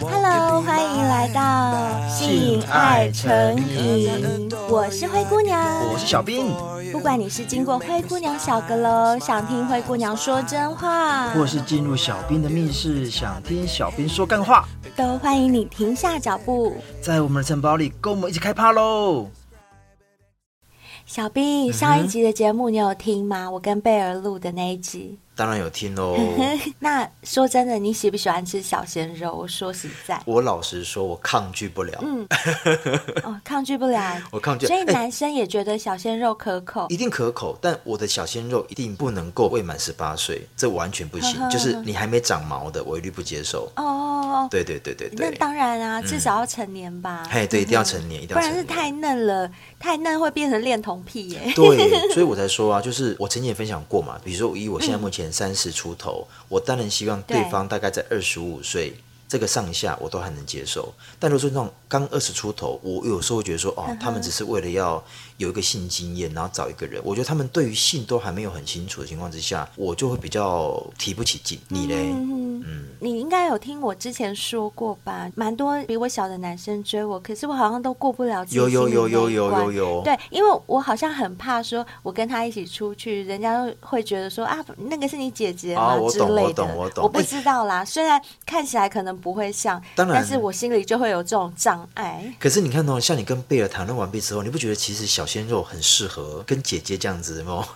Hello，歡迎來到《性愛誠引》，我是灰姑娘，我是小兵。不管你是經過灰姑娘小閣樓，想聽灰姑娘說真話，或是進入小兵的密室，想聽小兵說幹話，都歡迎你停下腳步，在我們的城堡裡跟我們一起開趴嘍！小兵，上一集的節目你有聽嗎？嗯、我跟貝爾錄的那一集。當然有聽嘍 那說真的，你喜不喜歡吃小鮮肉？我說實在，我老實說，我抗拒不了。嗯， 哦、抗拒不了。我抗拒。所以男生也覺得小鮮肉可口、欸，一定可口。但我的小鮮肉一定不能夠未滿十八歲，這完全不行呵呵呵。就是你還沒長毛的，我一律不接受。哦對對對對對。那當然啊，至少要成年吧。哎、嗯，對，一定要成年，一定要成年，不然是太嫩了，太嫩會變成戀童癖耶、欸。對，所以我才說啊，就是我曾經也分享過嘛，比如說以我現在目前、嗯。三十出頭，我當然希望對方大概在二十五歲這個上下，我都還能接受。但如果說那種剛二十出頭，我有時候會覺得說，嗯，哦，他們只是為了要。有一個性經驗，然後找一個人，我覺得他們對於性都還沒有很清楚的情況之下，我就會比較提不起勁，你嘞？嗯，嗯，你應該有聽我之前說過吧？蠻多比我小的男生追我，可是我好像都過不了不。有有有有有,有有有有有有有。對，因為我好像很怕說，我跟他一起出去，人家會覺得說啊，那個是你姐姐嗎之類的。啊，我懂我懂我懂。我不知道啦，雖然看起來可能不會像，但是我心裡就會有這種障礙。可是你看哦，像你跟貝爾談論完畢之後，你不覺得其實小。小鮮肉很適合跟姐姐這樣子，哦。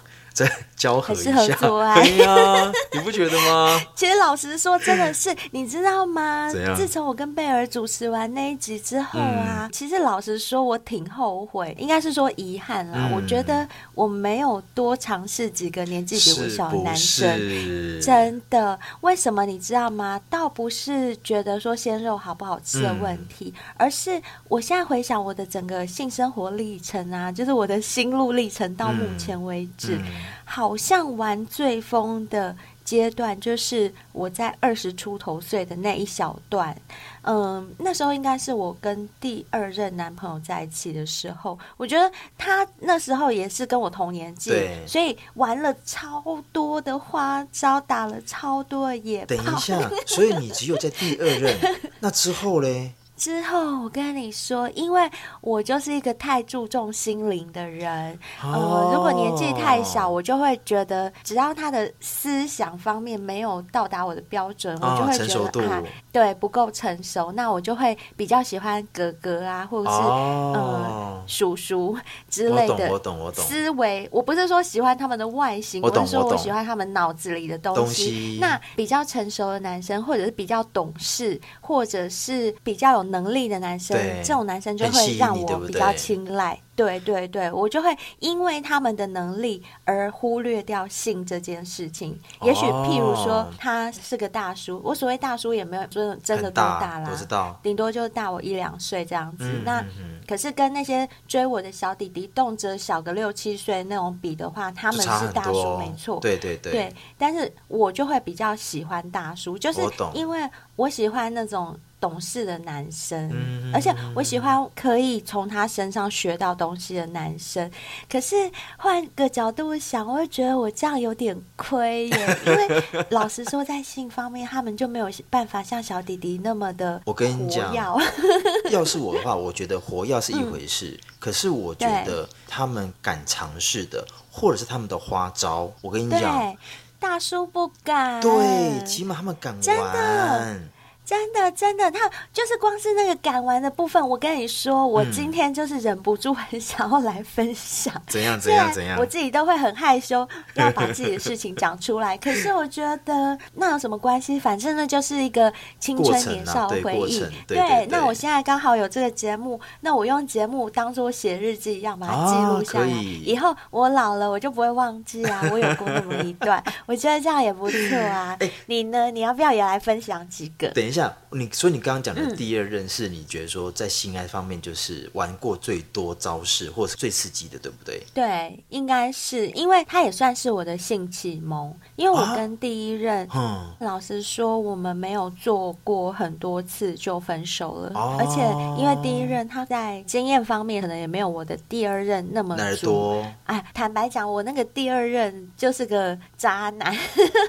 很適合做愛，對呀，你不覺得嗎？其實老實說，真的是，你知道嗎？自從我跟貝爾主持完那一集之後啊，嗯、其實老實說，我挺後悔，應該是說遺憾了、嗯。我覺得我沒有多嘗試幾個年紀比我小的男生，是是，真的。為什麼你知道嗎？倒不是覺得說鮮肉好不好吃的問題、嗯，而是我現在回想我的整個性生活歷程啊，就是我的心路歷程到目前為止。嗯嗯好像玩最瘋的階段，就是我在二十出頭歲的那一小段。嗯，那時候應該是我跟第二任男朋友在一起的時候。我覺得他那時候也是跟我同年紀，所以玩了超多的花招，打了超多的野炮。等一下，所以你只有在第二任， 那之後咧？之後我跟你說，因為我就是一個太注重心靈的人，oh. 呃，如果年紀太小，oh. 我就會覺得只要他的思想方面沒有到達我的標準，oh. 我就會覺得成熟啊，對不夠成熟，那我就會比較喜歡哥哥啊，或者是、oh. 呃叔叔之類的、oh. 我。我懂，我懂。思維，我不是說喜歡他們的外形，我，我是說我喜歡他們腦子裡的東西。那比較成熟的男生，或者是比較懂事，或者是比較有。能力的男生，這種男生就會讓我比較青睞，對對對。對對對，我就會因為他們的能力而忽略掉性這件事情。哦、也許譬如說，他是個大叔，我所謂大叔也沒有真真的多大啦，大我知道，頂多就大我一兩歲這樣子。嗯、那可是跟那些追我的小弟弟，動輒小個六七歲那種比的話，他們是大叔、哦、沒錯。對，對對，對，但是我就會比較喜歡大叔，就是因為我喜歡那種。懂事的男生、嗯，而且我喜歡可以從他身上學到東西的男生。可是換個角度想，我會覺得我這樣有點虧耶。 因為老實說，在性方面， 他們就沒有辦法像小弟弟那麼的。我跟你講， 要是我的話，我覺得活要是一回事、嗯。可是我覺得他們敢嘗試的，或者是他們的花招，我跟你講，大叔不敢。對，起碼他們敢玩。真的真的，他就是光是那個敢玩的部分，我跟你說，我今天就是忍不住很、嗯、想要來分享。怎樣怎樣怎樣，我自己都會很害羞，要把自己的事情講出來。 可是我覺得那有什麼關係，反正那就是一個青春年少的回憶、啊對對對對。對，那我現在剛好有這個節目，那我用節目當作寫日記一樣，要把它記錄下來、啊以。以後我老了，我就不會忘記啊，我有過那麼一段。 我覺得這樣也不錯啊、欸。你呢？你要不要也來分享幾個？等一下。這樣你，所以你剛剛講的第二任是你覺得說在性愛方面就是玩過最多招式或是最刺激的，對不對？對，應該是因為他也算是我的性啟蒙，因為我跟第一任、啊、老實說我們沒有做過很多次就分手了、啊，而且因為第一任他在經驗方面可能也沒有我的第二任那麼多。哎、啊，坦白講，我那個第二任就是個渣男，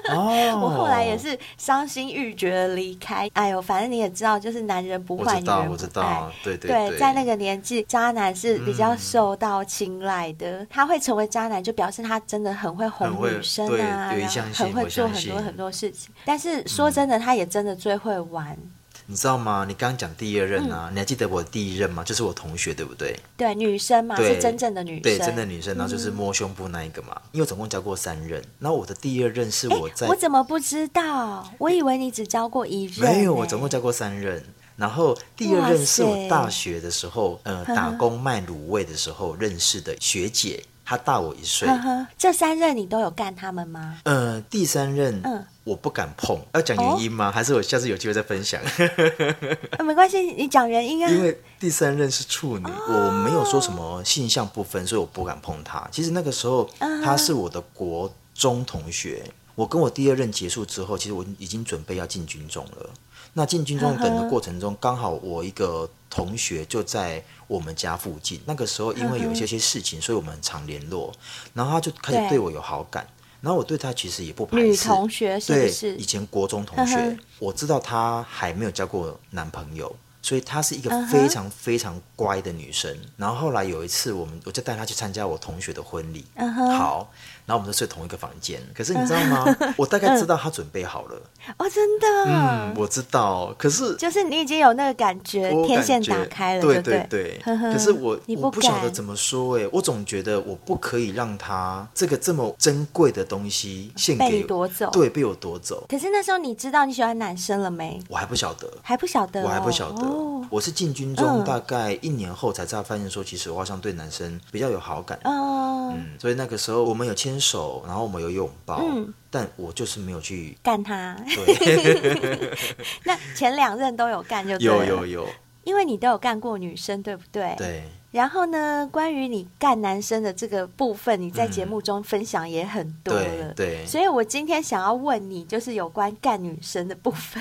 啊、 我後來也是傷心欲絕離開。哎呦，反正你也知道，就是男人不壞女人不愛知道，對對對，對，在那個年紀，渣男是比較受到青睞的。嗯，他會成為渣男，就表示他真的很會哄女生啊，很會，很會做很多很多事情。但是說真的，他也真的最會玩。嗯你知道嗎？你剛，剛講第二任啊？嗯、你還記得我第一任嗎？就是我同學，對不對？對，女生嘛，是真正的女生，對，真的，的女生，嗯，然後就是摸胸部那一個嘛。因為總共交過三任，那、嗯、我的第二任是我在，我怎麼不知道？我以為你只交過一任，欸。沒有，我總共交過三任。然後第二任是我大學的時候，呃，打工賣滷味的時候認識的學姐。嗯他大我一歲，uh -huh. 這三任你都有幹他們嗎？呃，第三任，我不敢碰，uh. 要講原因嗎？Oh. 還是我下次有機會再分享？ uh, 沒關係，你講原因啊。因為第三任是處女，oh. 我沒有說什麼性向不分，所以我不敢碰她。其實那個時候，她、uh -huh. 是我的國中同學。我跟我第二任結束之後，其實我已經準備要進軍中了。那進軍中等的過程中，剛、uh -huh. 好我一個同學就在我們家附近。那個時候因為有一些些事情，uh -huh. 所以我們很常聯絡。然後他就開始對我有好感。然後我對他其實也不排斥。女同學是是，對，以前國中同學，uh -huh. 我知道他還沒有交過男朋友，所以他是一個非常非常乖的女生。Uh -huh. 然後後來有一次我，我們我就帶他去參加我同學的婚禮。Uh -huh. 好，然後我們就睡同一個房間。可是你知道嗎？Uh -huh. 我大概知道他準備好了。Uh -huh. 嗯我、oh, 真的，嗯，我知道，可是就是你已經有那個感覺、感覺，天線打開了，對對對。對對對呵呵，可是我，你不曉得怎麼說哎、欸，我總覺得我不可以讓他這個這麼珍貴的東西獻給奪走，對，被我奪走。可是那時候你知道你喜歡男生了沒？我還不曉得，還不曉得，我還不曉得。我、得、哦、我是進軍中、嗯、大概一年後才知道，發現說，其實我好像對男生比較有好感。哦、嗯，所以那個時候我們有牽手，然後我們有擁抱、嗯，但我就是沒有去幹他。對 那前兩任都有幹，就對了，有有有。因為你都有幹過女生，對不對？對。然後呢？關於你幹男生的這個部分，你在節目中分享也很多了。嗯、對，對，所以我今天想要問你，就是有關幹女生的部分。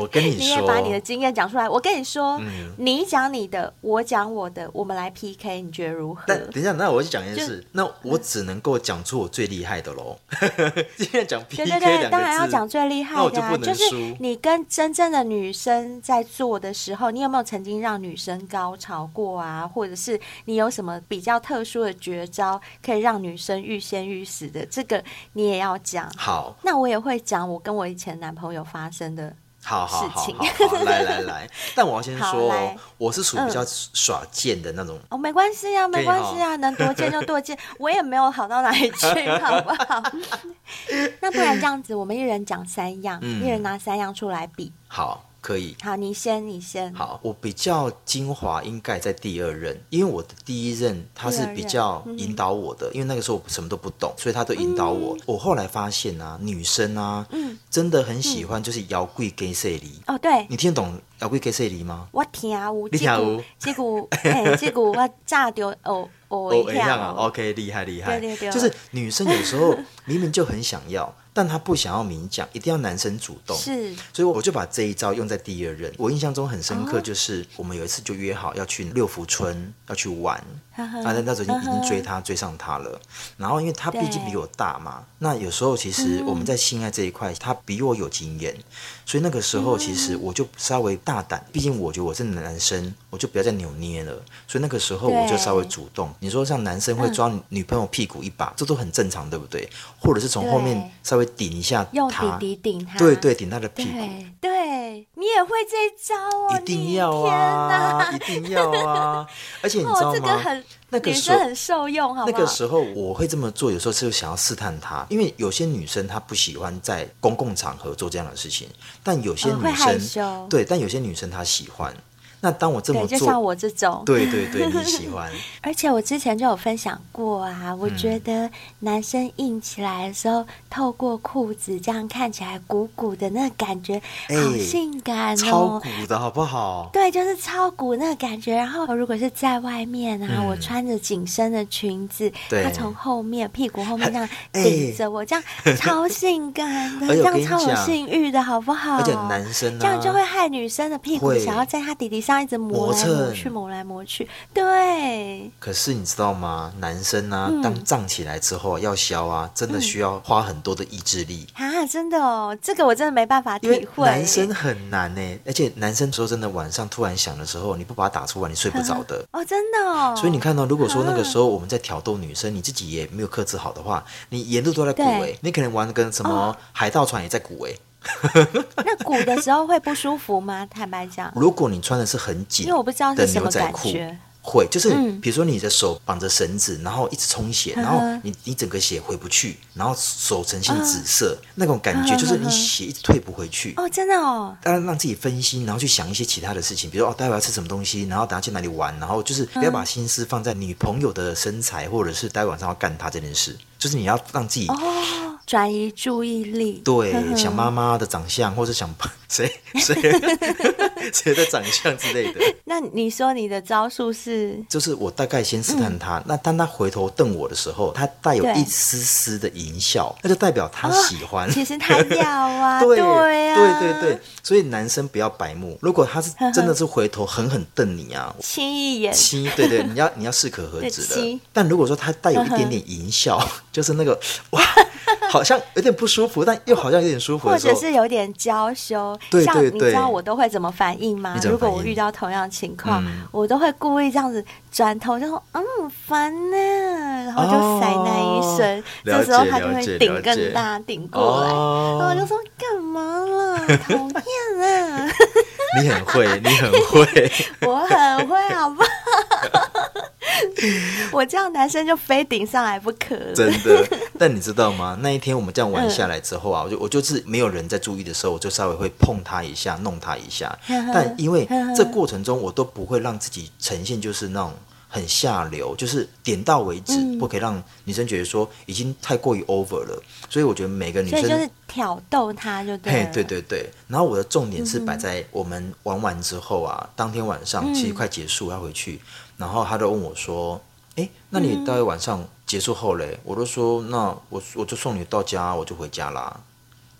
我跟你說， 你也把你的經驗講出來。我跟你說、嗯，你講你的，我講我的，我們來 PK，你覺得如何？但等一下，那我就講一件事。那我只能夠講出我最厲害的嘍。 今天講 PK 兩個字。對對對，當然要講最厲害的、啊就。就是你跟真正的女生在做的時候，你有沒有曾經讓女生高潮過啊？或或者是你有什麼比較特殊的絕招，可以讓女生欲仙欲死的？這個你也要講。好，那我也會講我跟我以前男朋友發生的事情好好事情。來來來， 但我要先說，我是屬於比較耍賤的那種、嗯。哦，沒關係啊，沒關係啊、哦，能多賤就多賤。 我也沒有好到哪裡去，好不好？ 那不然這樣子，我們一人講三樣、嗯，一人拿三樣出來比。好。可以，好，你先，你先。好，我比較精華應該在第二任，因為我的第一任他是比較引導我的、嗯，因為那個時候我什麼都不懂，所以他都引導我。嗯、我後來發現啊，女生啊，嗯、真的很喜歡就是搖櫃跟碎離哦，對，你聽懂搖櫃跟碎離嗎？我聽啊，你聽啊。結果，結 果、欸、 我炸掉哦 哦一樣啊，OK，厲害厲害，對對對，就是女生有時候明明就很想要。 但他不想要明講、嗯，一定要男生主動，是，所以我就把這一招用在第二任。我印象中很深刻，就是、哦、我們有一次就約好要去六福村、嗯、要去玩，呵呵啊，那那時候已經追他呵呵追上他了。然後因為他畢竟比我大嘛，那有時候其實我們在性愛這一塊、嗯，他比我有經驗。所以那個時候，其實我就稍微大膽，畢、嗯、竟我覺得我是男生，我就不要再扭捏了。所以那個時候我就稍微主動。你說像男生會抓女朋友屁股一把，嗯、這都很正常，對不對？或者是從後面稍微頂一下她，用弟弟頂他，對對，頂他的屁股。對，對你也會這一招哦，天哪，一定要啊，一定要啊！ 而且你知道嗎？哦這個那個時候，女生很受用好不好，那個時候我會這麼做。有時候是想要試探她，因為有些女生她不喜歡在公共場合做這樣的事情，但有些女生、哦、對，但有些女生她喜歡。那當我這麼做，對，就像我這種，對對對，對，你喜歡。 而且我之前就有分享過啊、嗯，我覺得男生硬起來的時候，嗯、透過褲子這樣看起來鼓鼓的那感覺，好性感哦、喔欸，超鼓的好不好？對，就是超鼓那個感覺。然後如果是在外面啊，然後我穿着緊身的裙子，嗯、他從後面屁股後面這樣頂着我、欸，這樣超性感的，這樣超有性慾的好不好？男生、啊、這樣就會害女生的屁股想要在他底底上。他一直磨來磨去，磨來磨去。對。可是你知道嗎？男生呢、啊嗯，當脹起來之後要消啊，真的需要花很多的意志力啊！真的哦，這個我真的沒辦法體會。男生很難呢、欸，而且男生說真的，晚上突然想的時候，你不把它打出來，你睡不着的、嗯、哦，真的。哦，所以你看到、哦，如果說那個時候我們在挑逗女生，嗯、你自己也沒有克制好的話，你沿路都在鼓誒，你可能玩跟什麼海盜船也在鼓誒。 那鼓的時候會不舒服嗎？坦白講，如果你穿的是很緊的牛仔褲，因為我不知道是什麼感覺，會就是比如說你的手綁着繩子，嗯、然後一直充血，然後你你整個血回不去，然後手呈現紫色、啊、那種感覺，就是你血一直退不回去。哦，真的哦。當然讓自己分心，然後去想一些其他的事情，比如說哦，待會要吃什麼東西，然後打算去哪裡玩，然後就是不要把心思放在女朋友的身材，呵呵或者是待會晚上要幹她這件事，就是你要讓自己。哦轉移注意力，對，呵呵想媽媽的長相，或者想誰誰誰的長相之類的。 那你說你的招數是？就是我大概先試探他、嗯，那當他回頭瞪我的時候，他帶有一絲絲的淫笑，那就代表他喜歡。其實他要啊， 對，對，啊對對對對，所以男生不要白目。如果他是真的是回頭狠狠瞪你啊，輕一眼，輕對，對對，你要你要適可而止的。但如果說他帶有一點點淫笑， 就是那個哇，好。好像有點不舒服，但又好像有點舒服，或者是有點嬌羞。對，對，對，像你知道我都會怎麼反應嗎？應如果我遇到同樣情況、嗯，我都會故意這樣子轉頭就說：“嗯，煩呢、啊。哦”然後就塞那一聲，這時候他就會頂更大頂過來、哦，然後我就說：“幹嘛了？討厭啊！” 你很會，你很會， 我很會，好不好？ 我這樣男生就非頂上來不可， 真的。但你知道嗎？那一天我們這樣玩下來之後啊，我、嗯、就我就是沒有人在注意的時候，我就稍微會碰他一下，弄他一下呵呵。但因為這過程中我都不會讓自己呈現就是那種很下流，就是點到為止，嗯、不可以讓女生覺得說已經太過於 over 了。所以我覺得每個女生就是挑逗他就對，對對對。然後我的重點是擺在我們玩完之後啊，嗯、當天晚上其實快結束要回去。嗯然後他就問我說：“哎，那你待會晚上結束後嘞、嗯？”我都說：“那我我就送你到家，我就回家啦。”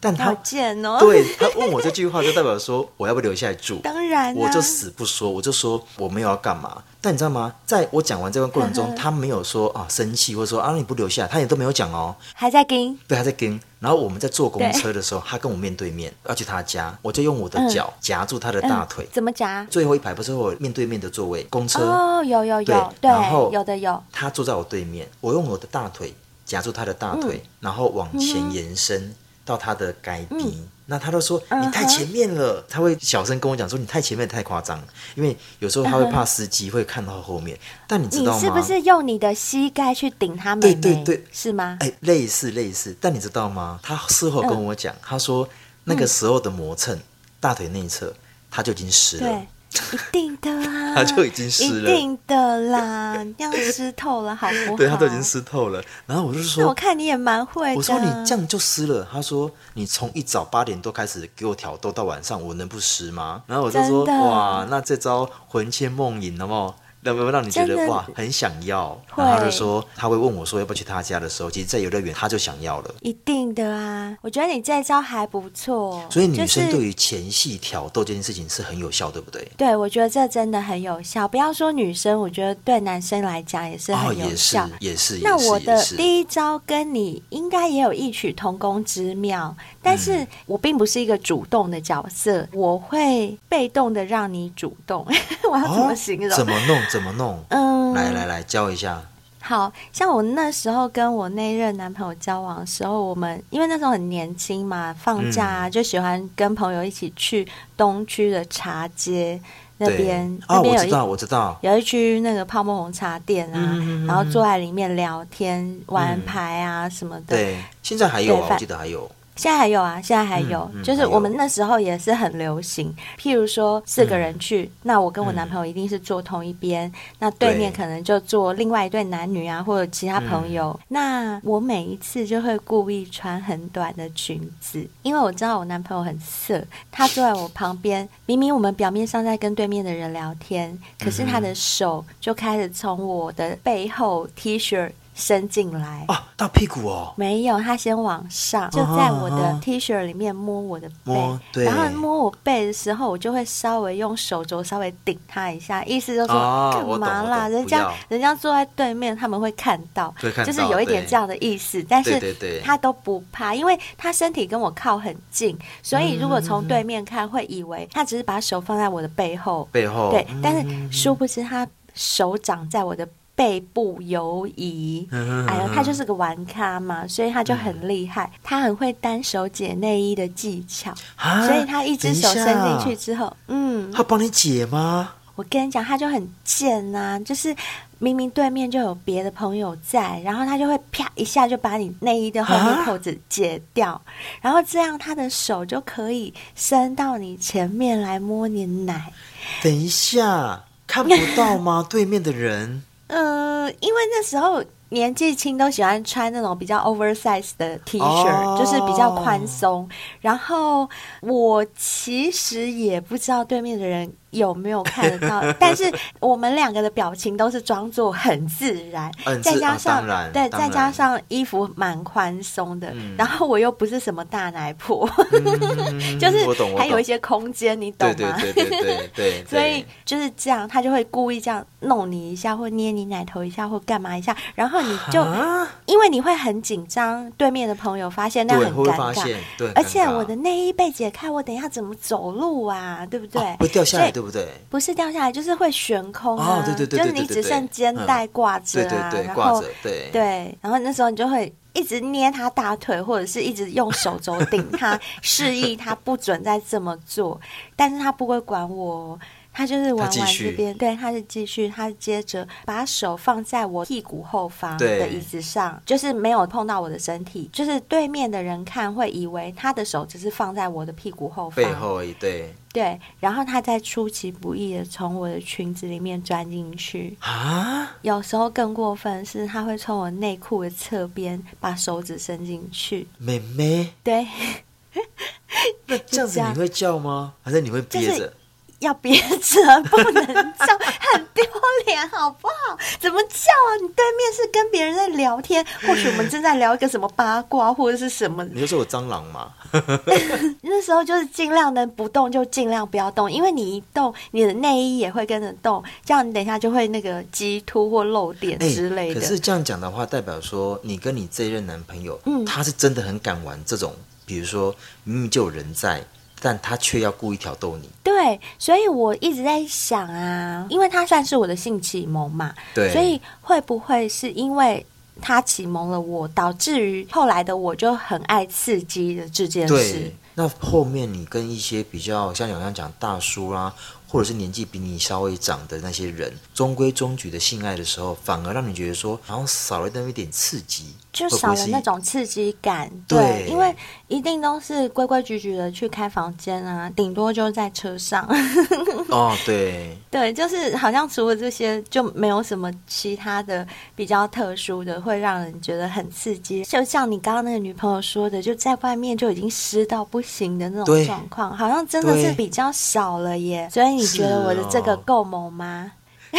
但他好賤哦、對，他問我這句話，就代表說我要不留下來住？ 當然、啊，我就死不說，我就說我沒有要幹嘛。但你知道嗎？在我講完這段過程中，嗯、他沒有說啊生氣，或者說啊你不留下他也都沒有講哦，還在跟對，還在跟。然後我們在坐公車的時候，他跟我面對面要去他家，我就用我的腳夾住他的大腿，嗯嗯、怎麼夾？最後一排不是我面對面的座位，公車哦？有有有，有對，然後，然後有的有，他坐在我對面，我用我的大腿夾住他的大腿、嗯，然後往前延伸。嗯到他的改屏、嗯，那他都說、uh -huh. 你太前面了，他會小聲跟我講說你太前面太誇張，因為有時候他會怕司機會看到後面。Uh -huh. 但你知道嗎？是不是用你的膝蓋去頂他們？對對對，是嗎？哎，類似類似。但你知道嗎？他事後跟我講，uh -huh. 他說那個時候的磨蹭、uh -huh. 大腿內側他就已經濕了。對一定的啦， 他就已經濕了。一定的啦， 要濕透了，好不好？對，他都已經濕透了。然後我就說，那我看你也蠻會的。我說你這樣就濕了。他說你從一早八點多開始給我挑逗到晚上，我能不濕嗎？然後我就說哇，那這招魂牽夢引了哦。有沒有讓你覺得哇很想要，然後他就說他會問我說要不要去他家的時候，其實，在遊樂園他就想要了。一定的啊，我覺得你這一招還不錯。所以女生對於前戲挑逗這件事情是很有效，對不對？對，我覺得這真的很有效。不要說女生，我覺得對男生來講也是很有效。哦、也是也是。那我的第一招跟你應該也有異曲同工之妙，但是我並不是一個主動的角色，嗯、我會被動的讓你主動。 我要怎麼形容、哦？ 怎麼弄？怎麼弄？嗯，來來來，教一下。好像我那時候跟我那一任男朋友交往的時候，我們因為那時候很年輕嘛，放假，啊嗯，就喜歡跟朋友一起去東區的茶街那邊。哦、啊，那邊有一、我知道，我知道，有一區那個泡沫紅茶店啊嗯嗯嗯，然後坐在裡面聊天、玩牌啊、嗯、什麼的。對，現在還有、啊，我記得還有。現在還有啊，現在還有、嗯嗯，就是我們那時候也是很流行。嗯、譬如說，四個人去、嗯，那我跟我男朋友一定是坐同一邊、嗯，那對面可能就坐另外一對男女啊，嗯、或者其他朋友、嗯。那我每一次就會故意穿很短的裙子、嗯，因為我知道我男朋友很色，他坐在我旁邊， 明明我們表面上在跟對面的人聊天，可是他的手就開始從我的背後 T 恤。伸進來哦、啊，到屁股哦。沒有，他先往上，啊、就在我的 T 恤裡面摸我的背，然後摸我背的時候，我就會稍微用手肘稍微頂他一下，意思就是說、啊、幹嘛啦？人家人家坐在對面，他們會看，會看到，就是有一點這樣的意思。但是他都不怕，因為他身體跟我靠很近，所以如果從對面看，嗯、會以為他只是把手放在我的背後，背後對、嗯。但是殊不知，他手掌在我的。背部遊移，哎呀，他就是個玩咖嘛，嗯、所以他就很厲害、嗯，他很會單手解內衣的技巧，所以他一隻手伸進去之後，嗯，他幫你解嗎？我跟你講，他就很賤吶、啊，就是明明對面就有別的朋友在，然後他就會啪一下就把你內衣的後面扣子解掉，然後這樣他的手就可以伸到你前面來摸你奶。等一下，看不到嗎？ 對面的人。嗯、uh，因為那時候，年紀輕都喜歡穿那種比較 oversize 的 T 恤，oh, 就是比較寬鬆。Oh. 然後我其實也不知道對面的人有沒有看得到， 但是我們兩個的表情都是裝作很自然， 再加上、啊、對，再加上衣服蠻寬鬆的然，然後我又不是什麼大奶婆，嗯、 就是還有一些空間，你懂嗎？對，對， 所以就是這樣，他就會故意這樣弄你一下，或捏你奶頭一下，或幹嘛一下，然後。你就因為你會很緊張，對面的朋友發現那很尷尬，對，會不會發現？對很尷尬。而且我的內衣被解開，我等一下怎麼走路啊？對不對？啊、會掉下來，對不對？不是掉下來，就是會懸空啊，啊對對對對對對！就是你只剩肩帶掛着，對對對，對然後，對對、對、對、對、對。然後那時候你就會一直捏他大腿，或者是一直用手肘頂他， 他示意他不准再這麼做，但是他不會管我。他就是玩玩這邊，對，他是繼續，他接着把手放在我屁股後方的椅子上，就是沒有碰到我的身體，就是對面的人看會以為他的手只是放在我的屁股後方。背後而已。對，對，然後他在出其不意的從我的裙子裡面鑽進去啊！有時候更過分是，他會從我內褲的側邊把手指伸進去，妹妹。對， 那這樣子你會叫嗎？ 還是你會憋着？就是要憋著，不能叫， 很丟臉，好不好？怎麼叫啊？你對面是跟別人在聊天，嗯、或許我們正在聊一個什麼八卦，或者是什麼？你就說我蟑螂嘛 、欸。那時候就是盡量能不動就盡量不要動，因為你一動，你的內衣也會跟着動，這樣你等一下就會那個激凸或漏點之類的。欸、可是這樣講的話，代表說你跟你這一任男朋友、嗯，他是真的很敢玩這種，比如說明明就有人在。但他卻要故意挑逗你。對，所以我一直在想啊，因為他算是我的性啟蒙嘛，對，所以會不會是因為他啟蒙了我，導致於後來的我就很愛刺激的這件事？那後面你跟一些比較像你，好像講大叔啦、啊，或者是年紀比你稍微長的那些人，中規中矩的性愛的時候，反而讓你覺得說，好像少了一點刺激，就少了那種刺激感。對，對，因為一定都是規規矩矩的去開房間啊，頂多就是在車上。 哦，對，對，就是好像除了這些，就沒有什麼其他的比較特殊的，會讓人覺得很刺激。就像你剛剛那個女朋友說的，就在外面就已經濕到不。不行的那種狀況，好像真的是比較少了耶。所以你覺得我的這個夠猛嗎？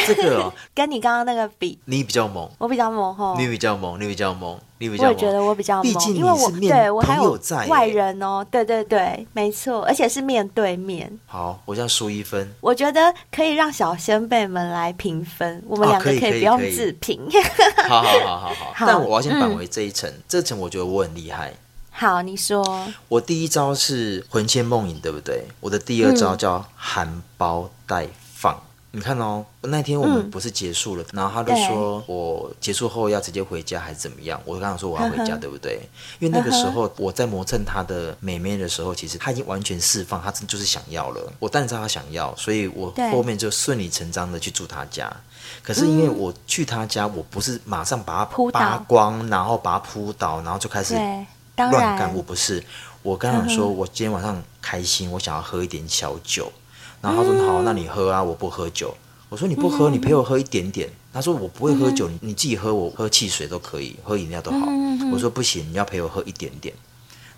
這個、哦、 跟你剛剛那個比，你比較猛，我比較猛。哈。你比較猛，你比較猛，你比較。我覺得我比較，猛，因為我對我還有在外人哦。對對對，沒錯，而且是面對面。好，我先輸一分，我覺得可以讓小仙貝們來評分，我們兩個可以不用自評、哦。好好好好好，但我要先扳回這一層、嗯，這層我覺得我很厲害。好，你說我第一招是魂牽夢縈，對不對？我的第二招叫含苞待放、嗯。你看哦，那天我們不是結束了、嗯，然後他就說我結束後要直接回家還是怎麼樣？我剛剛說我要回家，呵呵對不對？因為那個時候我在磨蹭他的妹妹的時候，其實他已經完全釋放，他真就是想要了。我當然知道他想要，所以我後面就順理成章的去住他家。嗯、可是因為我去他家，我不是馬上把他扒光，然後把他撲倒，然後就開始。當然亂幹我不是，我剛剛說，我今天晚上開心、嗯，我想要喝一點小酒。然後他說、嗯、好，那你喝啊，我不喝酒。我說你不喝，嗯、你陪我喝一點點。他說我不會喝酒，嗯、你自己喝我，我喝汽水都可以，喝飲料都好、嗯。我說不行，你要陪我喝一點點。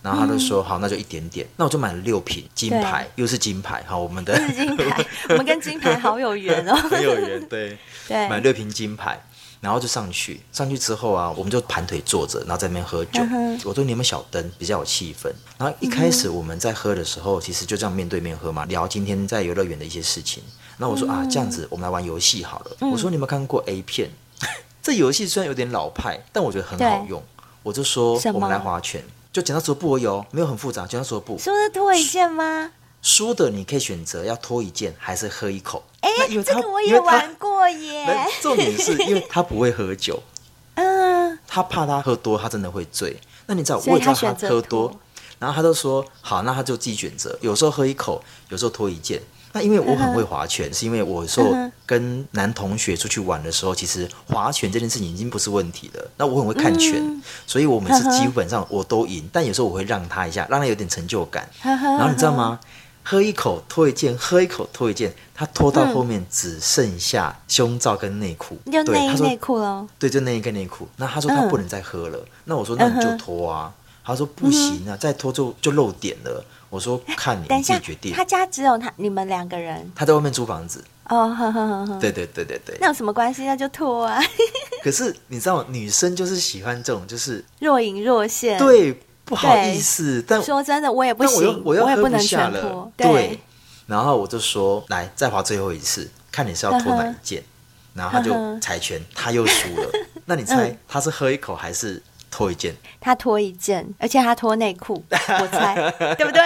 然後他就說、嗯、好，那就一點點。那我就買了六瓶金牌，金牌又是金牌。好，我們的金牌，我們跟金牌好有緣哦，很有緣。對對，買六瓶金牌。然後就上去，上去之後啊，我們就盤腿坐着，然後在那邊喝酒。呵呵，我說你有沒有小燈，比較有氣氛。然後一開始我們在喝的時候、嗯，其實就這樣面對面喝嘛，聊今天在遊樂園的一些事情。那我說、嗯、啊，這樣子我們來玩遊戲好了。嗯、我說你有沒有看過 A 片？ 這遊戲雖然有點老派，但我覺得很好用。我就說我們來划拳，就簡單說布和有沒有很複雜，簡單說布。說得是脫一件嗎？輸的你可以選擇要脫一件還是喝一口。哎、欸，這個我也玩過耶。重點是因為他不會喝酒， 嗯，他怕他喝多，他真的會醉。那你知道我也知道他喝多？然後他就說：“好，那他就自己選擇，有時候喝一口，有時候脫一件。”那因為我很會划拳、嗯，是因為我有時候跟男同學出去玩的時候，嗯、其實划拳這件事情已經不是問題了。那我很會看拳，嗯、所以我每次基本上我都贏、嗯，但有時候我會讓他一下，讓他有點成就感。嗯、然後你知道嗎？嗯喝一口脫一件，喝一口脫一件，他脫到後面只剩下胸罩跟內褲。對，內衣內褲咯。對，就內衣、哦、跟內褲。那他說他不能再喝了，嗯、那我說、嗯、那你就脫啊。他說不行啊，嗯、再脫就就露點了。我說看你自己決定。他家只有他你們兩個人，他在外面租房子哦呵呵呵呵。對對對對對，那有什麼關係？那就脫啊。 可是你知道，女生就是喜歡這種，就是若隱若現。對。不好意思，但說真的我也不行，我又，我又喝不下了。對，然後我就說，來再劃最後一次，看你是要脫哪一件呵呵。然後他就猜拳呵呵，他又輸了。 那你猜、嗯、他是喝一口還是脫一件？他脫一件，而且他脫內褲。我猜 對不對？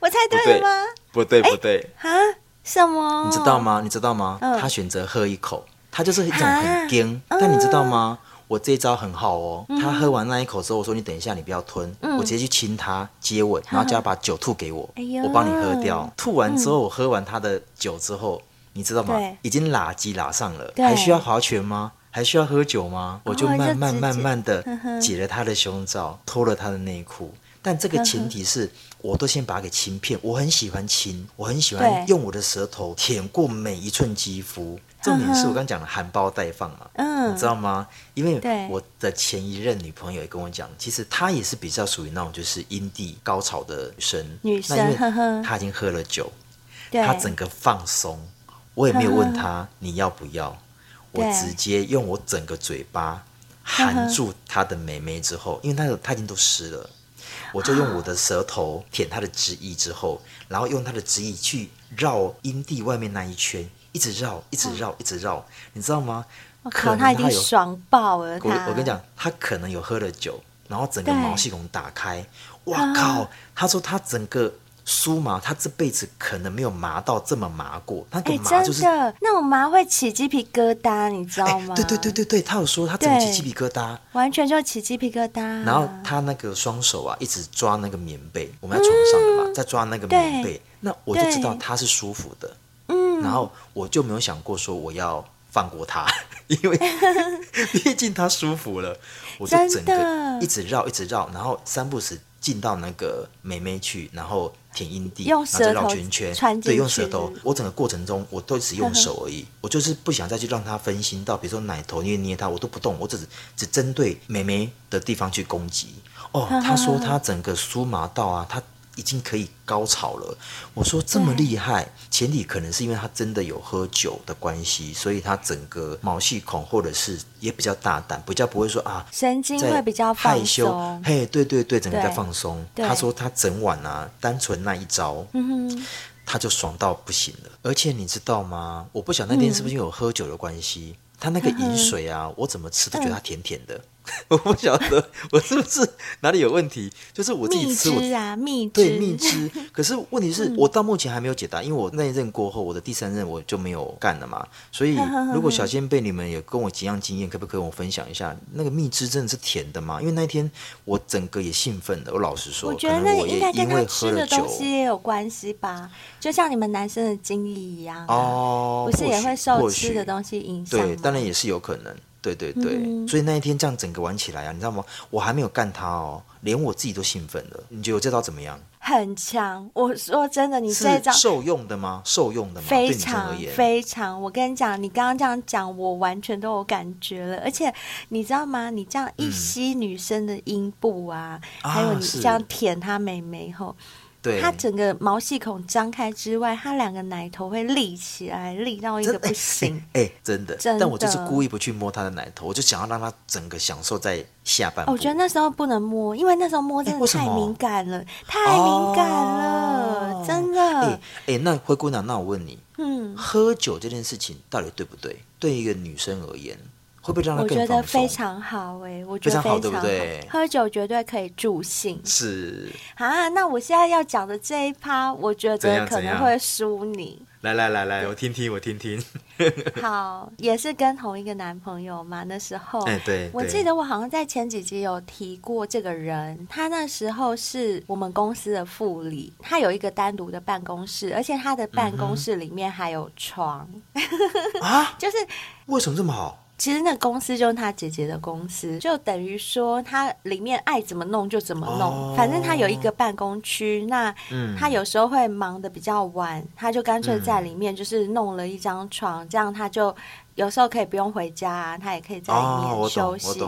我猜對了嗎？不對，不對，哈、欸，什麼？你知道嗎？你知道嗎？嗯、他選擇喝一口，他就是一種很硬、啊。但你知道嗎？嗯我這一招很好哦，嗯，他喝完那一口之後，我說你等一下，你不要吞，嗯、我直接去親他接吻，嗯、然後叫他把酒吐給我，啊、我幫你喝掉。吐完之後，我、嗯、喝完他的酒之後，你知道嗎？已經喇機喇上了，還需要划拳嗎？還需要喝酒嗎？我就慢慢慢慢的解了他的胸罩，脫，哦嗯、了他的內褲。但這個前提是、嗯、我都先把他給親遍，我很喜歡親，我很喜歡用我的舌頭舔過每一寸肌膚。哼哼重點是我剛剛講的含苞待放嘛、啊嗯，你知道嗎？因為我的前一任女朋友也跟我講，其實她也是比較屬於那種就是陰蒂高潮的女生。女生，那因為她已經喝了酒，她整個放鬆。我也沒有問她哼哼，你要不要，我直接用我整個嘴巴含住她的美眉之後哼哼，因為她的她已經都濕了、啊，我就用我的舌頭舔她的汁液之後，然後用她的汁液去繞陰蒂外面那一圈。一直繞，一直繞，一直繞，哦、你知道嗎？我可能他已經爽爆了。我我跟你講，他可能有喝了酒，然後整個毛細孔打開。哇靠！他說他整個酥麻，他這輩子可能沒有麻到這麼麻過。他給麻就是、欸、的那種麻會起雞皮疙瘩，你知道嗎？對、欸、對對對對，他有說他怎麼起雞皮疙瘩，完全就起雞皮疙瘩。然後他那個雙手啊，一直抓那個棉被、嗯，我們在床上的嘛，在抓那個棉被。那我就知道他是舒服的。嗯，然後我就沒有想過說我要放過他，因為畢竟他舒服了。 我就整個，一直繞，一直繞，然後三不時進到那個妹妹去，然後舔陰蒂，用舌頭，然後再繞圈圈，對，用舌頭。我整個過程中我都只用手而已， 我就是不想再去讓他分心到，比如說奶頭，捏捏他我都不動，我只只針對妹妹的地方去攻擊。哦，他 說他整個酥麻到啊，他。已經可以高潮了，我說這麼厲害？前提可能是因為他真的有喝酒的關係，所以他整個毛細孔或者是也比較大膽，比較不會說啊，神經會比較害羞。嘿，對對對，整個在放鬆。他說他整晚啊，單純那一招、嗯哼，他就爽到不行了。而且你知道嗎？我不曉得那天是不是有喝酒的關係、嗯，他那個飲水啊，我怎麼吃都覺得他甜甜的。嗯 我不曉得我是不是哪裡有問題， 就是我自己吃啊蜜汁，啊蜜汁對蜜汁 可是問題是我到目前還沒有解答、嗯，因為我那一任過後，我的第三任我就沒有幹了嘛。所以如果小仙貝你們也跟我一樣經驗， 可不可以跟我分享一下？那個蜜汁真的是甜的嗎？因為那天我整個也興奮的。我老實說，我覺得那應該跟他吃的東西也，東西也有關係吧，就像你們男生的經歷一樣哦、啊啊，不是也會受吃的東西影響？對，當然也是有可能。對對對、嗯，所以那一天這樣整個玩起來啊，你知道嗎？我還沒有幹他哦，連我自己都興奮了。你覺得這招怎麼樣？很強。我說真的，你這招受用的嗎？受用的嗎？非常非常。我跟你講，你剛剛這樣講，我完全都有感覺了。而且你知道嗎？你這樣一吸女生的陰部啊、嗯，還有你這樣舔她妹妹後。啊對，它整個毛細孔張開之外，它兩個奶頭會立起來，立到一個不行，哎、欸欸欸，真的，真的。但我就是故意不去摸它的奶頭，我就想要讓它整個享受在下半部。哦。我覺得那時候不能摸，因為那時候摸真的太敏感了，欸、太敏感了，哦、真的。哎、欸、哎、欸，那灰姑娘，那我問你，嗯，喝酒這件事情到底對不對？對於一個女生而言。會不會？我覺得非常好哎、欸，我覺得非常好，常好對不對？喝酒絕對可以助興。是好啊，那我現在要講的這一趴，我覺得可能會輸你。來來來來，我聽聽我聽聽。 好，也是跟同一個男朋友嘛。那時候，欸、對，對，我記得我好像在前幾集有提過這個人，他那時候是我們公司的副理，他有一個單獨的辦公室，而且他的辦公室裡面還有床。啊、嗯嗯， 就是為什麼這麼好？其實那個公司就是他姐姐的公司，就等於說他裡面愛怎麼弄就怎麼弄，哦、反正他有一個辦公區。那他有時候會忙得比較晚，嗯、他就乾脆在裡面就是弄了一張床、嗯，這樣他就。有時候可以不用回家，啊，他也可以在裡面，oh, 休息。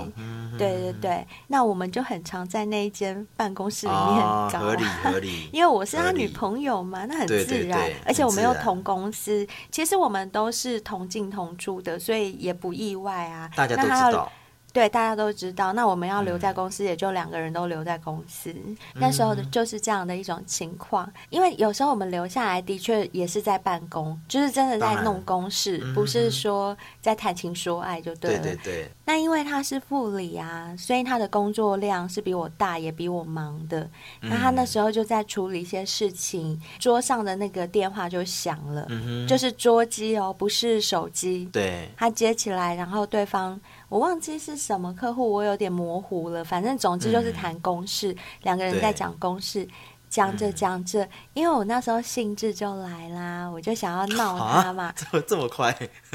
對對對，那我們就很常在那一間辦公室裡面搞，啊。Oh, 因為我是他女朋友嘛，那很自然，對對對。而且我們又同公司，其實我們都是同進同出的，所以也不意外啊。大家都知道。對，大家都知道。那我們要留在公司，也就兩個人都留在公司，嗯。那時候就是這樣的一種情況，因為有時候我們留下來的確也是在辦公，就是真的在弄公事，嗯，不是說在談情說愛就對了。對對對。那因為他是副理啊，所以他的工作量是比我大，也比我忙的。那他那時候就在處理一些事情，桌上的那個電話就響了，嗯，就是桌機哦，不是手機。對。他接起來，然後對方。我忘記是什麼客戶，我有點模糊了。反正總之就是談公事，兩、嗯、個人在講公事，講著講著。因為我那時候興致就來啦，我就想要鬧他嘛。啊、這麼這麼快、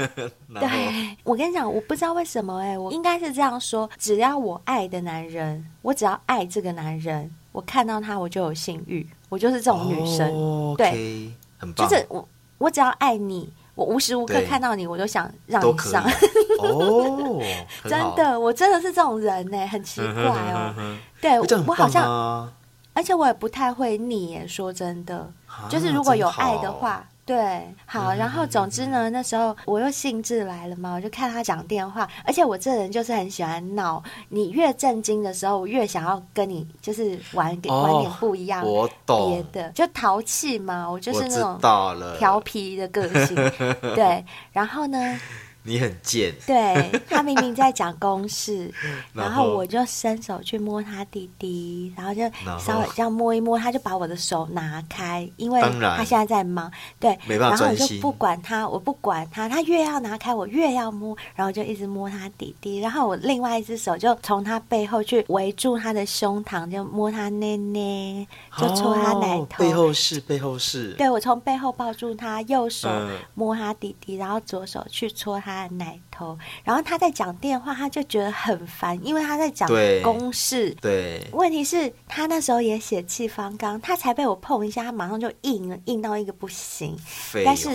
啊？對，我跟你講，我不知道為什麼誒、欸，我應該是這樣說：只要我愛的男人，我只要愛這個男人，我看到他我就有性慾，我就是這種女生。哦、okay, 對，很棒。就是我，我只要愛你。我無時無刻看到你，我都想讓你上。 哦、 真的，我真的是這種人呢、欸，很奇怪哦。呵呵呵呵呵，對我、啊我，我好像，而且我也不太會膩、欸，說真的、啊，就是如果有愛的話。對，好，然後總之呢，那時候我又興緻來了嘛，我就看他講電話，而且我這人就是很喜歡鬧，你越震驚的時候，我越想要跟你就是玩點玩點不一樣，哦、我懂，別的就淘氣嘛，我就是那種到了調皮的個性， 對，然後呢。你很賤，對，他明明在講公事 然，然後我就伸手去摸他弟弟，然後就稍微這樣摸一摸，他就把我的手拿開，因為他現在在忙，然對，沒辦法，然後我就不管他，我不管他，他越要拿開，我越要摸，然後就一直摸他弟弟，然後我另外一隻手就從他背後去圍住他的胸膛，就摸他捏捏，就戳他奶頭，哦、背後是背後是，對，我從背後抱住他，右手摸他弟弟，然後左手去戳他。奶頭，然後他在講電話，他就覺得很煩，因為他在講公事。對，問題是，他那時候也血氣方剛，他才被我碰一下，他馬上就硬，硬到一個不行。廢話。但是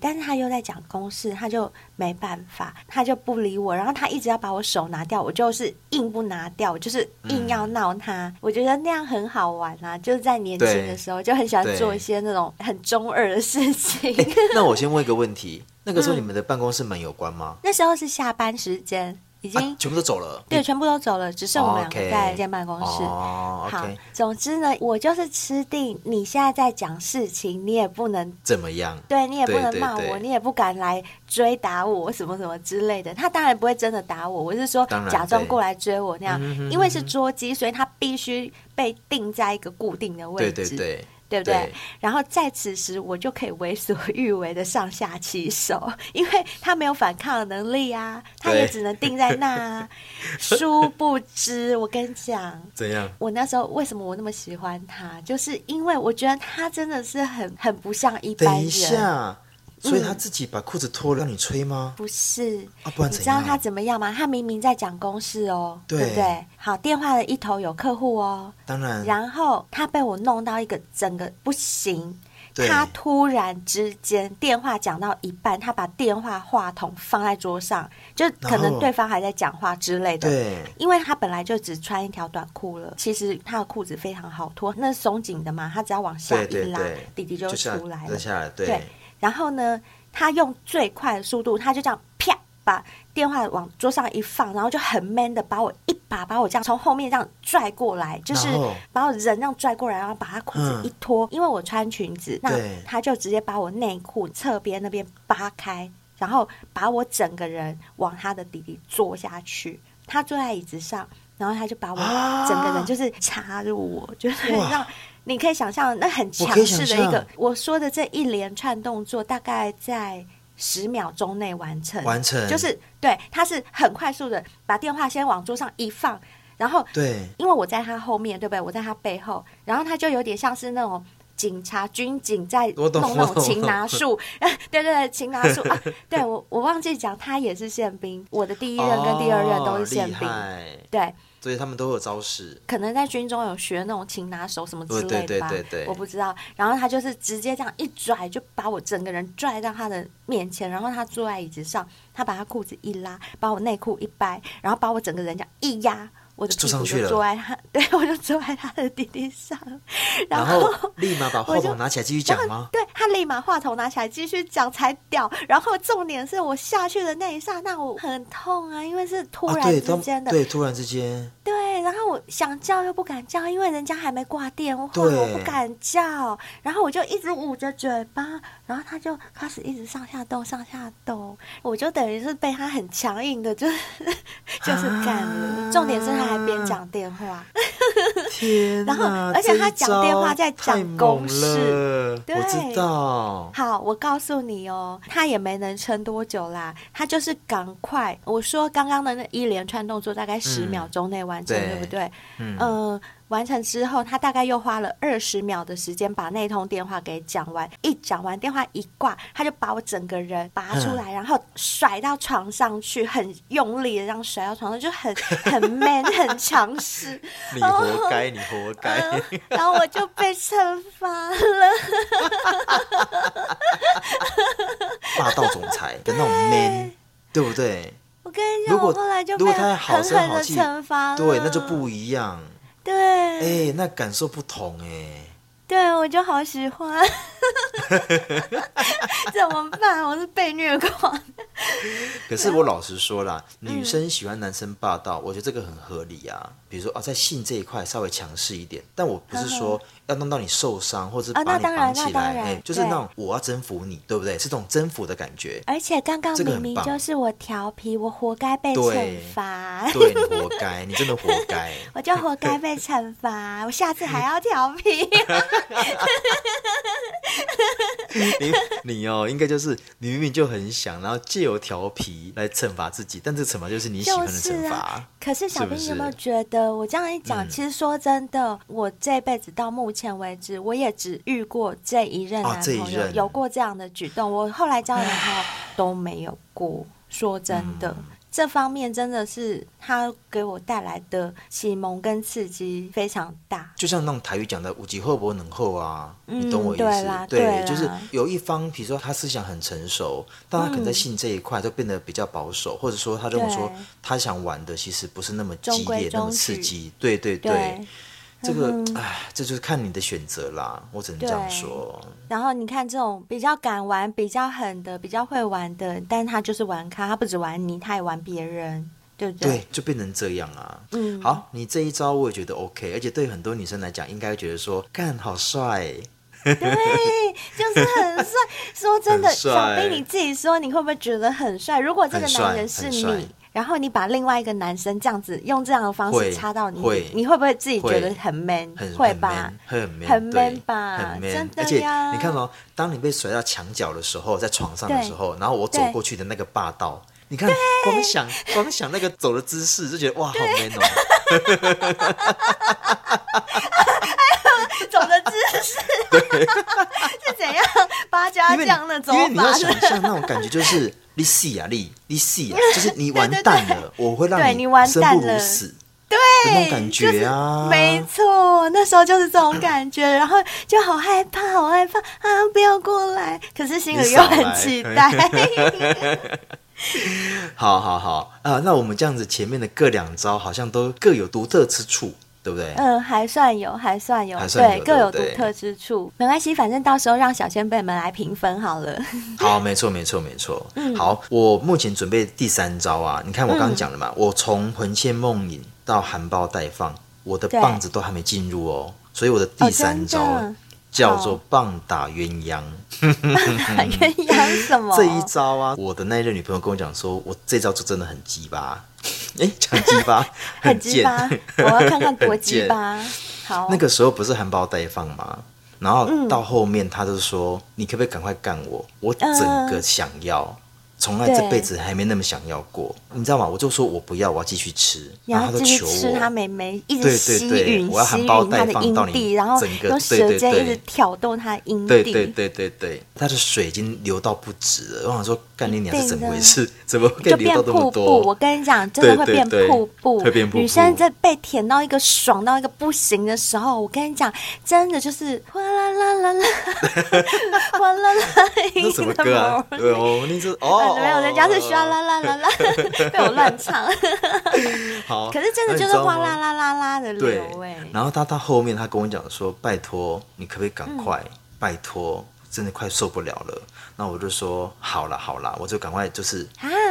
但是他又在講公事，他就沒辦法，他就不理我，然後他一直要把我手拿掉，我就是硬不拿掉，我就是硬要鬧他。嗯、我覺得那樣很好玩啊，就是在年輕的時候就很喜歡做一些那種很中二的事情。 那我先問一個問題。那個時候你們的辦公室門、嗯、有關嗎？那時候是下班時間，已經、啊、全部都走了。對、欸，全部都走了，只剩我們兩個在一間辦公室、哦 okay。好，總之呢，我就是吃定你現在在講事情，你也不能怎麼樣。對，你也不能罵我對對對，你也不敢來追打我什麼什麼之類的。他當然不會真的打我，我是說假裝過來追我那樣，因為是桌機，所以他必須被定在一個固定的位置。對對對、對。對不對？對。然後在此時，我就可以為所欲為的上下其手，因為他沒有反抗的能力啊，他也只能定在那、啊。 殊不知，我跟你講，怎樣？我那時候為什麼我那麼喜歡他？就是因為我覺得他真的是很很不像一般人。所以他自己把褲子脫了讓你吹嗎？嗯、不是、啊、不然你知道他怎麼樣嗎？他明明在講公事哦、喔，對不對？好，電話的一頭有客戶哦、喔，當然。然後他被我弄到一個整個不行，對他突然之間電話講到一半，他把電話話筒放在桌上，就可能對方還在講話之類的。對，因為他本來就只穿一條短褲了，其實他的褲子非常好脫，那是鬆緊的嘛。對對對，他只要往下一拉，對對對，弟弟就出來了。就下來了對。對然後呢，他用最快的速度，他就這樣啪把電話往桌上一放，然後就很 man 的把我一把把我這樣從後面這樣拽過來，就是把我人這樣拽過來，然後把他褲子一脫、嗯，因為我穿裙子，那他就直接把我內褲側邊那邊扒開，然後把我整個人往他的弟弟坐下去。他坐在椅子上，然後他就把我整個人就是插入我，啊、就是讓。你可以想象，那很強勢的一個，我說的這一連串動作，大概在十秒鐘內完成。完成，就是對，他是很快速的，把電話先往桌上一放，然後對，因為我在他後面，對不對？我在他背後，然後他就有點像是那種警察、軍警在弄那種擒拿術， 對對，對，擒拿術啊。 對我，我忘記講，他也是憲兵。我的第一任跟第二任都是憲兵。哦，對。所以他們都有招式，可能在軍中有學那種擒拿手什麼之類的吧，對對對對對，我不知道。然後他就是直接這樣一拽，就把我整個人拽到他的面前，然後他坐在椅子上，他把他褲子一拉，把我內褲一掰，然後把我整個人這樣一壓。我就就坐上去了，坐在他，對，我就坐在他的弟弟上然，然後立馬把話筒拿起來繼續講嗎？對，他立馬話筒拿起來繼續講才屌。然後重點是我下去的那一剎那，我很痛啊，因為是突然之間的、啊對，對，突然之間，對。然後我想叫又不敢叫，因為人家還沒掛電話，話，我不敢叫。然後我就一直捂着嘴巴，然後他就開始一直上下動，上下動。我就等於是被他很強硬的就是啊、 就是幹了。重點是他。還邊講電話， 天、啊，然 後而且他講電話在講公事，我知道。好，我告訴你哦，他也沒能撐多久啦，他就是趕快。我說剛剛的那一連串動作大概十秒鐘內完成、嗯，對不對？嗯。呃完成之後，他大概又花了二十秒的時間把那通電話給講完。一講完電話一掛，他就把我整個人拔出來，然後甩到床上去，很用力的這樣甩到床上，就很很 man， 很強勢。你活該、哦，你活該。然後我就被懲罰了。 霸道總裁的那種 man，對，對不對？我跟你講，如果我如果後來就被如果他好聲好氣狠狠的懲罰，對，那就不一樣。對，哎、欸，那感受不同，哎、欸，對，我就好喜歡， 怎麼辦？我是被虐狂。 可是我老實說啦，女生喜歡男生霸道，嗯、我覺得這個很合理啊。比如說啊，在性這一塊稍微強勢一點，但我不是說要弄到你受傷或者把你綁起來，哦，那當然，那當然，欸，就是那種我要征服你，對不對？是這種征服的感覺。而且剛剛明明就是我調皮，這個，我活該被懲罰。對，你活該， 你真的活該。 我就活該被懲罰，我下次還要調皮。 你你哦，應該就是你明明就很想，然後借由調皮來懲罰自己，但這懲罰就是你喜歡的懲罰，就是啊。可是小兵是不是，你有沒有覺得？我這樣一講，其實說真的，嗯、我這輩子到目前為止，我也只遇過這一任男朋友、啊、有，有過這樣的舉動，我後來交的男朋友都沒有過。說真的。嗯這方面真的是他給我帶來的啟蒙跟刺激非常大，就像那種台語講的“無級厚薄能厚”啊，你懂我意思？對，就是有一方，比如說他思想很成熟，但他可能在性這一塊都變得比較保守，嗯，或者說他認為說他想玩的其實不是那麼激烈，中中那麼刺激。對對對。對這個，哎，這就是看你的選擇啦，我只能這樣說。然後你看這種比較敢玩、比較狠的、比較會玩的，但他就是玩咖，他不只玩你，他也玩別人，對不對？對，就變成這樣啊。嗯，好，你這一招我也覺得 OK，而且對很多女生來講，應該覺得說，幹，好帥，對，就是很帥。 說真的，小兵你自己說，你會不會覺得很帥？如果這個男人是你？然後你把另外一個男生這樣子用這樣的方式插到你，會你，你會不會自己覺得很 man？會，很很 man, 會吧很 man，很 man 吧，真的呀，而且你看哦，當你被甩到牆角的時候，在床上的時候，然後我走過去的那個霸道，你看光想光想那個走的姿勢就覺得哇好 man 哦， 走的姿勢 對 是怎樣八家將那種，因為你要想象 那種感覺就是。你死啊你！你你死啊！就是你完蛋了 對對對，我會讓你生不如死，對，什麼感覺啊？就是、沒錯，那時候就是這種感覺，嗯、然後就好害怕，好害怕啊！不要過來，可是心裡又很期待。 好好好啊，那我們這樣子前面的各兩招好像都各有獨特之處。對不對？嗯，還算有，還算有，對，各有獨特之處。對對，沒關係，反正到時候讓小仙貝們來評分好了。好，沒錯，沒錯，沒錯。嗯，好，我目前準備第三招啊。你看，我剛剛講了嘛，嗯、我從魂牽夢縈到含苞待放，我的棒子都還沒進入哦，所以我的第三招、哦。叫做棒打鴛鴦， 棒打鴛鴦什麼？這一招啊，我的那一任女朋友跟我講說，我這招就真的很雞巴，哎、欸，講雞巴，很雞巴，我要看看多雞巴。好，那個時候不是含苞待放嗎？然後到後面，她就說、嗯，你可不可以趕快幹我？我整個想要。嗯從來這輩子還沒那麼想要過，你知道嗎？我就說我不要，我要繼續吃，繼續吃妹妹，然後他求我，他妹妹一直吸吮，我要含苞他的陰蒂，然後整個舌尖一直挑動他的陰蒂，對對對，對，對，對他的水已經流到不止了。我想說幹你娘是怎麼回事，怎麼，流到那麼多就變瀑布？我跟你講，真的會變，對對對會變瀑布，女生在被舔到一個爽到一個不行的時候，我跟你講，真的就是嘩啦啦啦啦，嘩 啦，啦啦， 那什麼歌啊？ 對哦，你這哦。沒有，人家是需要啦啦啦啦、哦、 被我亂唱 好。可是真的就是哇啦啦啦啦的流、欸啊。對，然後他到後面他跟我講說，拜託你可不可以趕快？嗯、拜託，真的快受不了了。那我就說，好啦好啦，我就趕快就是。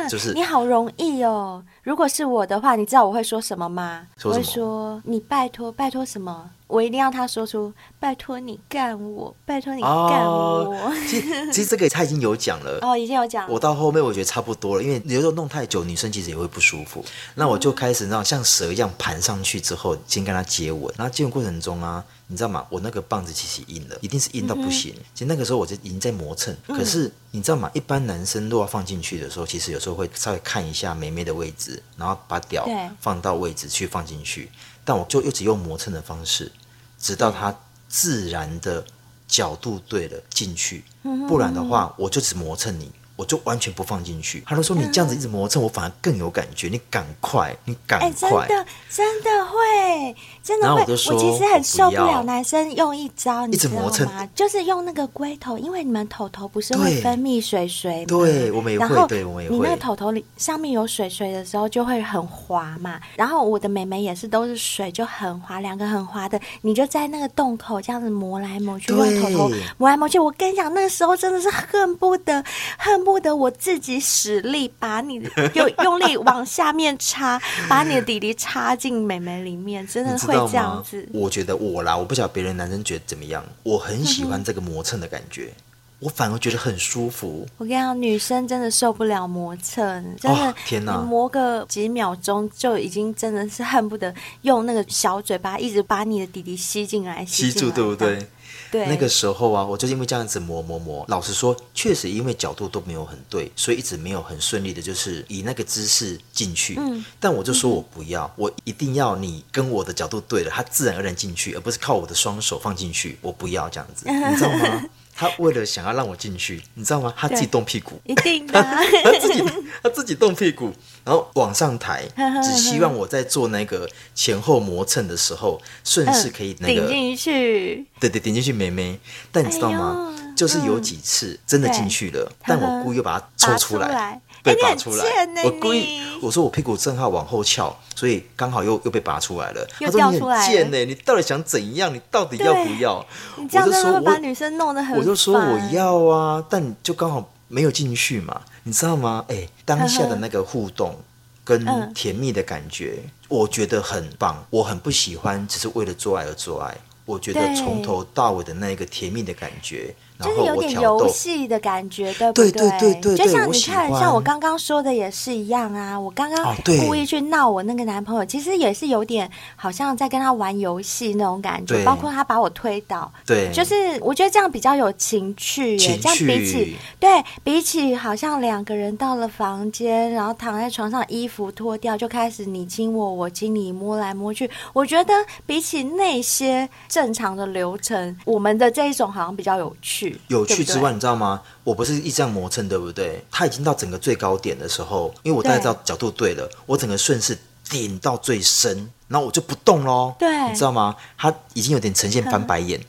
就是、你好容易哦。如果是我的話，你知道我會說什麼嗎？說什麼？我會說：“你拜托，拜托什麼？我一定要他說出‘拜托你幹我’，拜托你幹我。”哦，其實，其實這個他已經有講了 哦，已經有講。我到後面我覺得差不多了，因為有時候弄太久，女生其實也會不舒服。嗯、那我就開始讓像蛇一樣盤上去之後，先跟他接吻。那接吻過程中啊。你知道嗎？我那個棒子其實硬了，一定是硬到不行、嗯。其實那個時候我就已經在磨蹭，嗯、可是你知道嗎？一般男生都要放進去的時候，其實有時候會稍微看一下妹妹的位置，然後把屌放到位置去放進去。但我就一直用磨蹭的方式，直到它自然的角度對了進去。嗯、不然的話，我就只磨蹭你，我就完全不放進去。他都說：“你這樣子一直磨蹭，我反而更有感覺。你趕快，你趕快，欸、真的真的會。”真的會我，我其實很受不了男生用一招，你知道嗎磨？就是用那個龜頭，因為你們頭頭不是會分泌水水嘛。對然後，我沒會。對，我也會。你那個頭頭裡上面有水水的時候，就會很滑嘛。然後我的美眉也是都是水，就很滑，兩個很滑的。你就在那個洞口這樣子磨來磨去，用頭頭磨來磨去。我跟你講，那時候真的是恨不得恨不得我自己使力，把你用用力往下面插， 把你的弟弟插進美眉裡面，真的會。知道嗎？這樣子，我覺得我啦，我不曉得別人男生覺得怎麼樣？我很喜歡這個磨蹭的感覺， 我反而覺得很舒服。我跟你講，女生真的受不了磨蹭，真的，哦，天哪！你磨個幾秒鐘就已經真的是恨不得用那個小嘴巴一直把你的弟弟吸進來，來，吸住，對不對？對，那個時候啊，我就因為這樣子磨磨磨。老實說，確實因為角度都沒有很對，所以一直沒有很順利的，就是以那個姿勢進去。嗯。但我就說我不要，嗯，我一定要你跟我的角度對了，他自然而然進去，而不是靠我的雙手放進去。我不要這樣子，你知道嗎？ 他為了想要讓我進去，你知道嗎？他自己動屁股。一定啊！他自己，他自己動屁股。然後往上抬，只希望我在做那個前後磨蹭的時候，呵呵呵順勢可以那個頂、嗯、頂進去。對對，頂進去，妹妹。但你知道嗎？哎、就是有幾次真的進去了、嗯，但我故意又把它抽出來，拔出來，被拔出來。欸欸、我故意我說我屁股正好往後翹，所以剛好又又被拔出來，又出來了。他說你很賤呢、欸，你到底想怎樣？你到底要不要？你這樣真的會不會把女生弄得很煩？我就說，我，我就說我要啊，但就剛好。沒有進去嘛？你知道嗎？誒，當下的那個互動跟甜蜜的感覺，嗯，我覺得很棒。我很不喜歡只是為了做愛而做愛，我覺得從頭到尾的那一個甜蜜的感覺。就是有點遊戲的感覺，對不對？對，對，對，對，對。就像你看，像我剛剛說的也是一樣啊。我剛剛故意去鬧我那個男朋友，啊、其實也是有點好像在跟他玩遊戲那種感覺。包括他把我推倒，對，就是我覺得這樣比較有情趣耶，情趣，這樣比起，對。比起對比起，好像兩個人到了房間，然後躺在床上，衣服脫掉，就開始你親我，我親你，摸來摸去。我覺得比起那些正常的流程，我們的這一種好像比較有趣。有趣之外對對，你知道嗎？我不是一直這樣磨蹭，對不對？他已經到整個最高點的時候，因為我大概知道角度對了對，我整個順勢頂到最深，然後我就不動嘍。對，你知道嗎？他已經有點呈現翻白眼。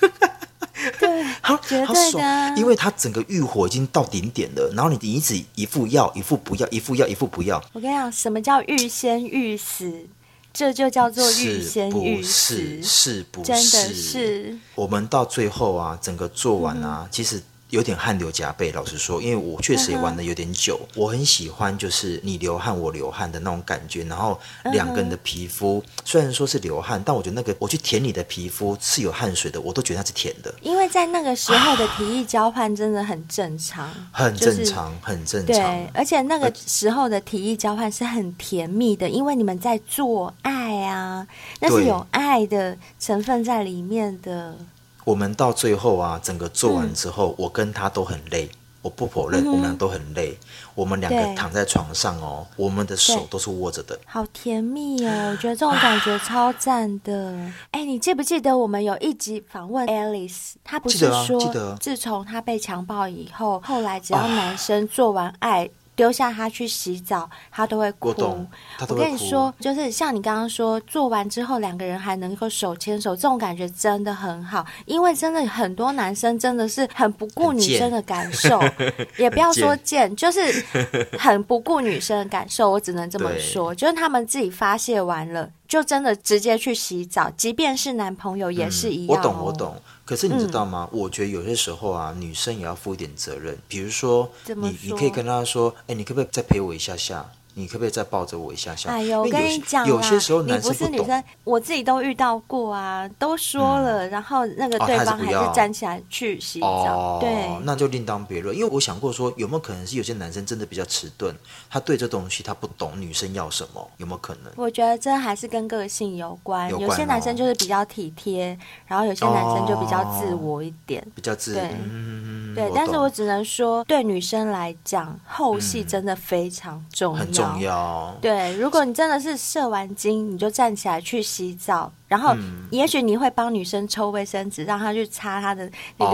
嗯、 對，好， 好爽，因為他整個慾火已經到頂點了，然後你一直一副要，一副不要，一副要，一副不要。我跟你講，什麼叫欲仙欲死？這就叫做欲仙欲死，是不是？真的是。我們到最後啊，整個做完啊，嗯，其實，有點汗流浹背，老實說，因為我確實也玩的有點久，嗯。我很喜歡就是你流汗我流汗的那種感覺，然後兩個人的皮膚、嗯、雖然說是流汗，但我覺得那個我去舔你的皮膚是有汗水的，我都覺得它是甜的。因為在那個時候的體議交換真的很正常，啊就是，很正常，很正常。而且那個時候的體議交換是很甜蜜的，因為你們在做愛啊，那是有愛的成分在裡面的。我們到最後啊，整個做完之後，嗯、我跟他都很累，我不否認、嗯，我們倆都很累。嗯、我們兩個躺在床上哦，我們的手都是握着的。好甜蜜哦，我覺得這種感覺超讚的。哎、啊欸，你記不記得我們有一集訪問 Alice，她不是說，自從她被強暴以後、記得啊、記得啊，後來只要男生做完愛。啊丟下他去洗澡他，他都會哭。我跟你說，就是像你剛剛說，做完之後兩個人還能夠手牽手，這種感覺真的很好。因為真的很多男生真的是很不顧女生的感受，也不要說賤， 就是很不顧女生的感受。我只能這麼說，就是他們自己發洩完了。就真的直接去洗澡，即便是男朋友也是一樣。哦、嗯。我懂，我懂。可是你知道嗎？嗯、我覺得有些時候啊，女生也要負一點責任。比如說，說，你你可以跟他說：“哎、欸，你可不可以再陪我一下下？”你可不可以再抱着我一下下？哎呦，我跟你講啦，有些時候男生不懂，你不是女生，我自己都遇到過啊，都說了、嗯，然後那個對方還是站起來去洗澡。哦哦、對，那就另當別論。因為我想過說，有沒有可能是有些男生真的比較遲鈍，他對這東西他不懂。女生要什麼？有沒有可能？我覺得這還是跟個性有關。有,關有些男生就是比較體貼，然後有些男生就比較自我一點。哦、比較自我，對，嗯、對。但是我只能說，對女生來講，後戲真的非常重要。嗯很重要有，對，如果你真的是射完精，你就站起來去洗澡，然後也許你會幫女生抽衛生紙，嗯，讓她去擦她的那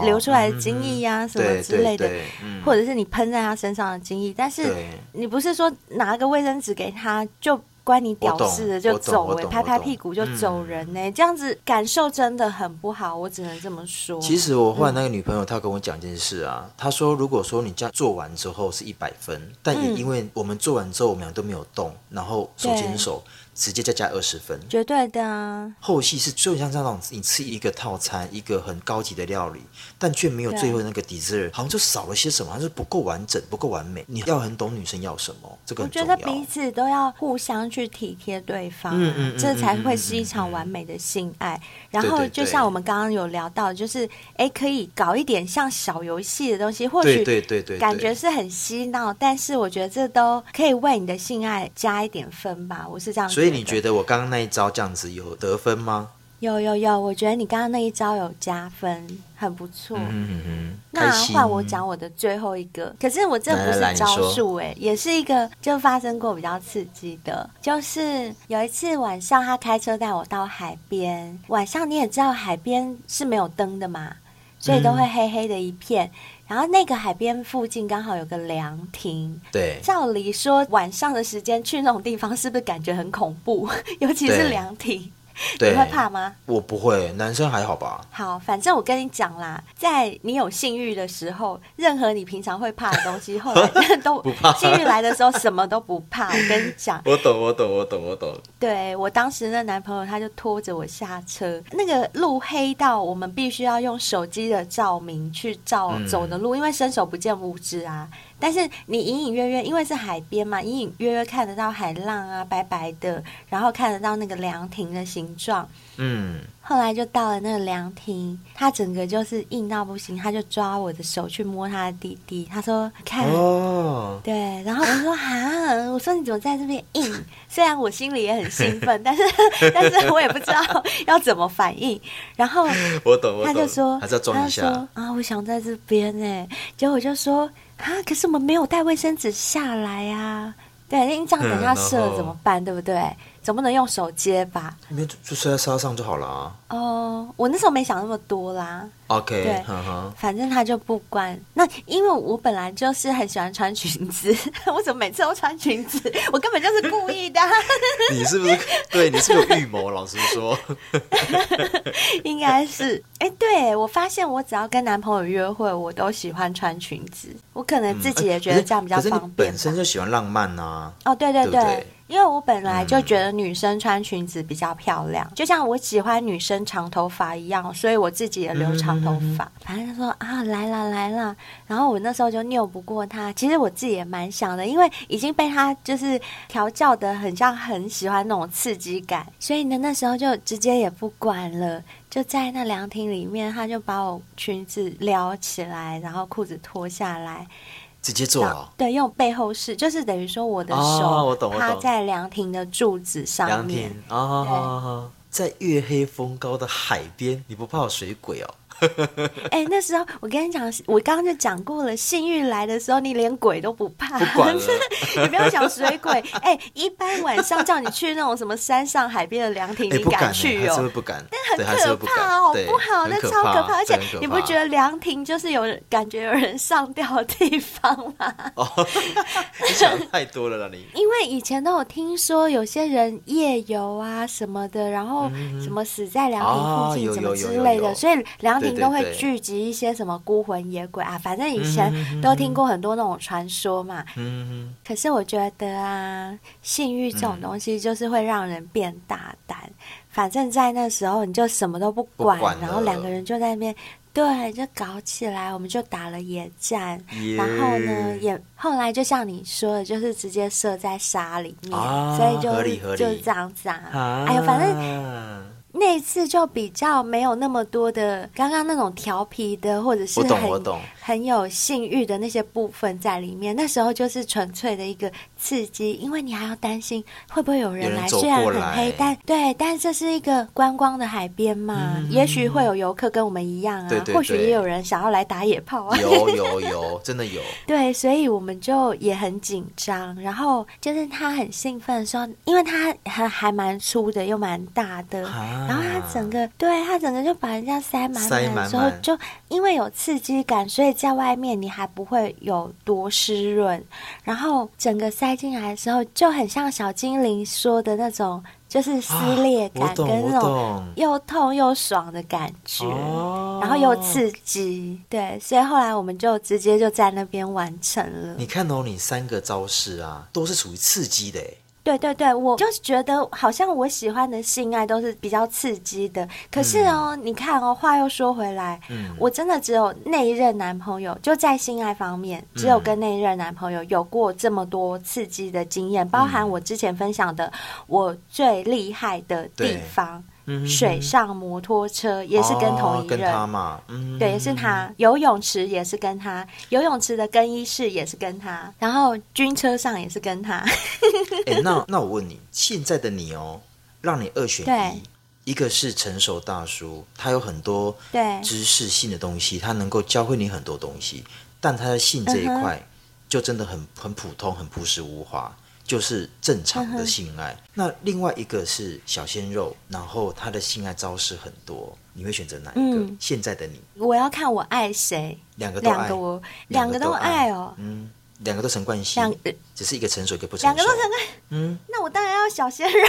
個流出來的精液呀，啊，哦，什麼之類的，嗯，對對對，嗯，或者是你噴在她身上的精液，但是你不是說拿個衛生紙給她就。關你屌事的就走哎、欸，拍拍屁股就走人呢、欸嗯，這樣子感受真的很不好，我只能這麼說。其實我後來那個女朋友，她跟我講一件事啊、嗯，她說如果說你這樣做完之後是一百分、嗯，但也因為我們做完之後我們倆都沒有動，然後手牽手。直接再加二十分，絕對的、啊。後戲是就像這種你吃一個套餐，一個很高級的料理，但卻沒有最後那個 dessert，好像就少了些什麼，還是不夠完整、不夠完美。你要很懂女生要什麼，這個、我覺得彼此都要互相去體貼對方、啊，嗯嗯,嗯,嗯,嗯,嗯,嗯,嗯這才會是一場完美的性愛。嗯、然後就像我們剛剛有聊到，就是哎，可以搞一點像小遊戲的東西，或許對對對對,對,對，感覺是很嬉鬧，但是我覺得這都可以為你的性愛加一點分吧，我是這樣。所以你覺得我剛剛那一招這樣子有得分嗎？有有有，我覺得你剛剛那一招有加分，很不錯。開心。嗯嗯，嗯，那換我講我的最後一個，可是我這不是招數誒、欸，也是一個就發生過比較刺激的，就是有一次晚上他開車帶我到海邊，晚上你也知道海邊是沒有燈的嘛，所以都會黑黑的一片。嗯然後那個海邊附近剛好有個涼亭，對，照理說晚上的時間去那種地方，是不是感覺很恐怖？尤其是涼亭。你會怕嗎？我不會，男生還好吧？好，反正我跟你講啦，在你有性欲的時候，任何你平常會怕的東西， 後來都不怕。性欲來的時候，什麼都不怕。 我跟你講，我懂，我懂，我懂，我懂。對，我當時那男朋友，他就拖着我下車，那個路黑到我們必須要用手機的照明去照走的路，嗯、因為伸手不見五指啊。但是你隱隱約約，因為是海邊嘛，隱隱約約看得到海浪啊，白白的，然後看得到那個涼亭的形狀。嗯。後來就到了那個涼亭，他整個就是硬到不行，他就抓我的手去摸他的弟弟，他說：“看。”哦。對，然後我說：“哈、啊，我說你怎麼在這邊硬、嗯？”雖然我心裡也很興奮， 但是但是我也不知道要怎麼反應。然後我懂，他就說，他就說啊，我想在這邊哎、欸，結果我就說。啊！可是我們沒有帶衛生紙下來呀、啊，對，那你這樣等下濕了怎麼辦？ 對不對？能不能用手接吧？沒就，就睡在沙發上就好了。哦、oh,，我那時候沒想那麼多啦。OK，、uh -huh. 反正他就不關。那因為我本來就是很喜歡穿裙子， 我怎麼每次都穿裙子？我根本就是故意的、啊。 你是不是？對，你是有預謀？老實說， 應該是。哎、欸，對我發現，我只要跟男朋友約會，我都喜歡穿裙子。我可能自己也覺得這樣比較方便。嗯欸、你本身就喜歡浪漫啊。哦、oh,，對對對。對因為我本來就覺得女生穿裙子比較漂亮，就像我喜歡女生長頭髮一樣，所以我自己也留長頭髮。反正他說啊，來了來了，然後我那時候就拗不過他。其實我自己也蠻想的，因為已經被他就是調教的，很像很喜歡那種刺激感。所以呢，那時候就直接也不管了，就在那涼亭裡面，他就把我裙子撩起來，然後褲子脫下來。直接做哦，對，用背後式，就是等於說我的手趴、哦、在涼亭的柱子上面。涼亭哦，在月黑風高的海邊，你不怕有水鬼哦？哎、欸，那時候我跟你講，我剛剛就講過了，幸運來的時候你連鬼都不怕，你不要講 水鬼。哎、欸，一般晚上叫你去那種什麼山上海邊的涼亭，你敢去哦？真、欸、的不，、欸、不，不敢，那很可怕、啊是不是不，哦，不好、啊，那超可怕，可怕，而且你不覺得涼亭就是有感覺有人上吊的地方嗎？哦， 你想太多了了，你。因為以前都有聽說有些人夜遊啊什麼的，然後什麼死在涼亭附近什、嗯、麼、啊、之類的，所以涼亭。都會聚集一些什麼孤魂野鬼啊，反正以前都聽過很多那種傳說嘛。可是我覺得啊，性欲這種東西就是會讓人變大膽。反正，在那時候你就什麼都不管，然後兩個人就在那邊對，就搞起來，我們就打了野戰。然後呢，也後來就像你說的，就是直接射在沙裡面，所以就就是就是這樣子啊。哎呀，反正。那次就比較沒有那麼多的剛剛那種調皮的，或者是很很有性欲的那些部分在裡面。那時候就是純粹的一個刺激，因為你還要擔心會不會有人來。人來雖然很黑，但對，但這是一個觀光的海邊嘛，嗯、也許會有遊客跟我們一樣啊，對對對或許也有人想要來打野炮啊。有有有，真的有。 對，所以我們就也很緊張。然後就是他很興奮的時候，因為他還還蠻粗的，又蠻大的，啊、然後。啊、它整個，對它整個就把人家塞滿滿的時候，塞滿滿就因為有刺激感，所以在外面你還不會有多濕潤，然後整個塞進來的時候就很像小精靈說的那種，就是撕裂感，啊、跟那種又痛又爽的感覺，然後又刺激，對，所以後來我們就直接就在那邊完成了。你看到，哦、你三個招式啊，都是屬於刺激的。對對對，我就覺得好像我喜歡的性愛都是比較刺激的。可是哦，嗯、你看哦，話又說回來，嗯，我真的只有那一任男朋友。就在性愛方面，只有跟那一任男朋友有過這麼多刺激的經驗，包含我之前分享的我最厲害的地方。嗯水上摩托車也是跟同一人，哦、跟他嘛，嗯、對，也是他。游泳池也是跟他、嗯，游泳池的更衣室也是跟他，然後軍車上也是跟他。 欸、那那我問你，現在的你哦，讓你二選一，一個是成熟大叔，他有很多對知識性的東西，他能夠教會你很多東西，但他的性這一塊、嗯、就真的很很普通，很樸實無華。就是正常的性愛、嗯，那另外一個是小鮮肉，然後他的性愛招式很多，你會選擇哪一個、嗯？現在的你，我要看我愛誰，兩個都愛，我兩個都愛哦。嗯兩個都成冠希，兩，只是一個成熟，一個不成熟。兩個都成冠，嗯，那我當然要小鮮肉，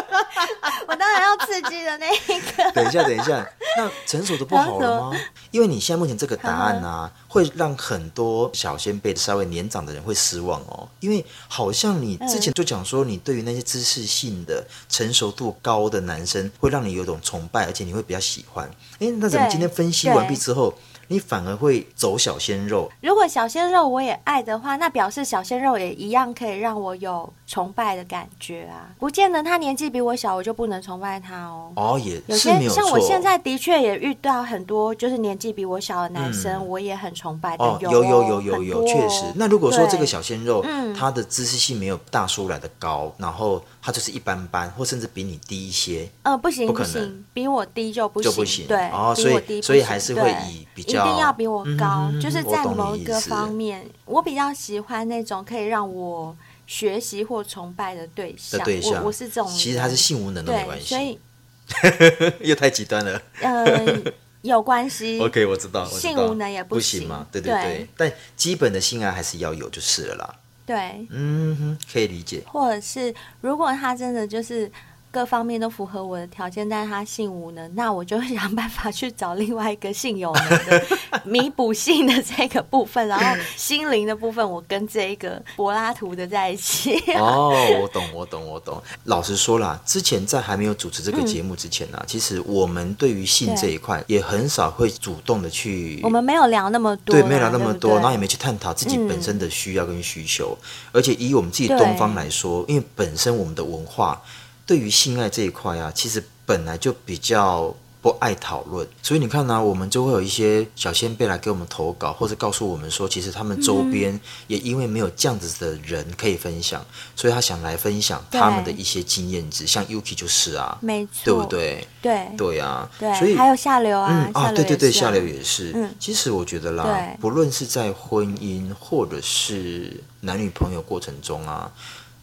我當然要刺激的那一個。 等一下，等一下，那成熟的不好了嗎？因為你現在目前這個答案呢、啊嗯，會讓很多小仙貝的稍微年長的人會失望哦。因為好像你之前就講說，你對於那些知識性的、嗯、成熟度高的男生，會讓你有一種崇拜，而且你會比較喜歡。誒，那怎麼今天分析完畢之後？你反而會走小鮮肉。如果小鮮肉我也愛的話，那表示小鮮肉也一樣可以讓我有。崇拜的感覺啊，不見得他年紀比我小，我就不能崇拜他哦。哦，也有些是有像我現在的確也遇到很多，就是年紀比我小的男生，嗯、我也很崇拜的。哦，哦，有有有有有，確實。那如果說這個小鮮肉，他、嗯、的知識性沒有大叔來的高，然後他就是一般般，或甚至比你低一些，呃、嗯，不行，不可能，不行，比我低就不行就不行。對，哦，所以所以還是會以比較一定要比我高，嗯、就是在某一個方面我，我比較喜歡那種可以讓我。學習或崇拜的對象，對象我我是這種，其實他是性無能的，沒關係。所以 又太極端了。嗯、 呃，有關係。OK，我知，我知道，性無能也不行嘛。對對對，對，對，但基本的性愛還是要有就是了啦。對，嗯哼，可以理解。或者是如果他真的就是。各方面都符合我的條件，但是他性無能。那我就想辦法去找另外一個性有能的，彌補性的這個部分， 然後心靈的部分，我跟這個柏拉圖的在一起。哦， 我懂，我懂，我懂。老實說啦，之前在還沒有主持這個節目之前呢、啊嗯，其實我們對於性這一塊也很少會主動的去，我們沒有聊那麼多，對，沒有聊那麼多，對對，然後也沒去探討自己本身的需要跟需求、嗯。而且以我們自己東方來說，因為本身我們的文化。對於性愛這一塊啊，其實本來就比較不愛討論，所以你看呢、啊，我們就會有一些小仙貝來給我們投稿，或者告訴我們說，其實他們周邊也因為沒有這樣子的人可以分享，嗯、所以他想來分享他們的一些經驗值。像 Yuki 就是啊，沒錯，對不對？對對啊，對，所以還有下流，啊、嗯、下流啊，啊，對對對，下流也是。嗯、其實我覺得啦，不論是在婚姻或者是男女朋友過程中啊。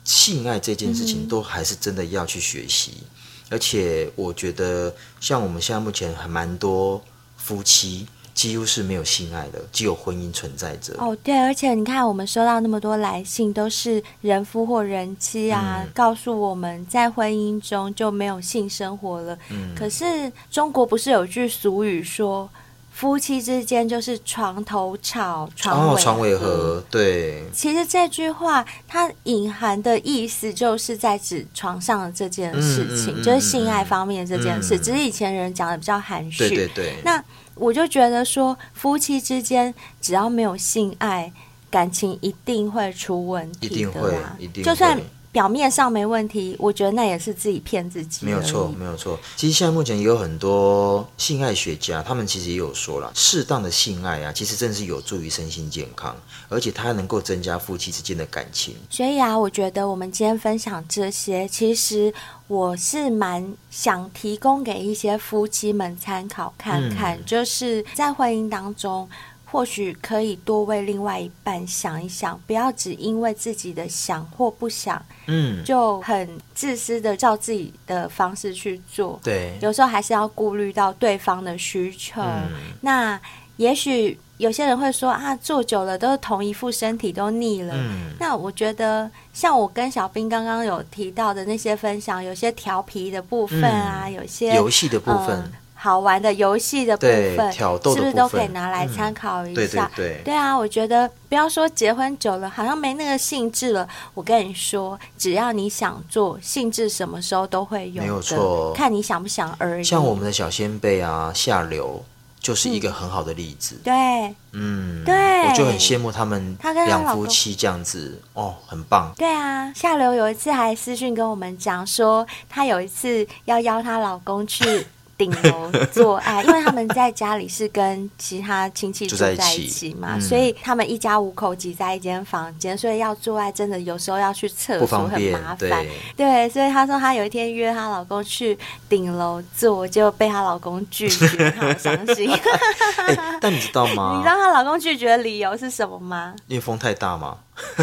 性愛這件事情都還是真的要去學習，嗯，而且我覺得像我們現在目前還蠻多夫妻幾乎是沒有性愛的，只有婚姻存在着。哦，對，而且你看我們收到那麼多來信，都是人夫或人妻啊，嗯，告訴我們在婚姻中就沒有性生活了。嗯，可是中國不是有句俗語說？夫妻之間就是床頭吵，床尾、哦、床尾和，對。其實這句話它隱含的意思就是在指床上的這件事情、嗯嗯嗯，就是性愛方面這件事、嗯。只是以前人講的比較含蓄。對對對。那我就覺得說，夫妻之間只要沒有性愛，感情一定會出問題的啦。一定會啊。就算。表面上沒問題，我覺得那也是自己騙自己。沒有錯，沒有錯。其實現在目前也有很多性愛學家，他們其實也有說了，適當的性愛啊，其實真的是有助於身心健康，而且它還能夠增加夫妻之間的感情。所以啊，我覺得我們今天分享這些，其實我是蠻想提供給一些夫妻們參考看看，嗯，就是在婚姻當中。或許可以多為另外一半想一想，不要只因為自己的想或不想，嗯，就很自私的照自己的方式去做。對，有時候還是要顧慮到對方的需求。嗯、那也許有些人會說啊，做久了都是同一副身體都膩了。嗯。那我覺得，像我跟小兵剛剛有提到的那些分享，有些調皮的部分啊，嗯、有些遊戲的部分。呃好玩的遊戲的部分，挑逗是不是都可以拿來參考一下？嗯、對對對，對啊，我覺得不要說結婚久了，好像沒那個興致了。我跟你說，只要你想做，興致什麼時候都會有，沒有錯，看你想不想而已。像我們的小仙貝啊，下流就是一個很好的例子。嗯、對，嗯，對，我就很羨慕他們，他跟他老公兩夫妻這樣子，哦，很棒。對啊，下流有一次還私訊跟我們講說，他有一次要邀她老公去。 頂樓做愛，因為他們在家裡是跟其他親戚住在一起嘛，一起、嗯，所以他們一家五口擠在一間房間，所以要做愛真的有時候要去廁所很麻煩。對，所以她說她有一天約她老公去頂樓做，就被她老公拒絕， 好傷心、 欸。但你知道嗎？你知道她老公拒絕的理由是什麼嗎？因為風太大嘛。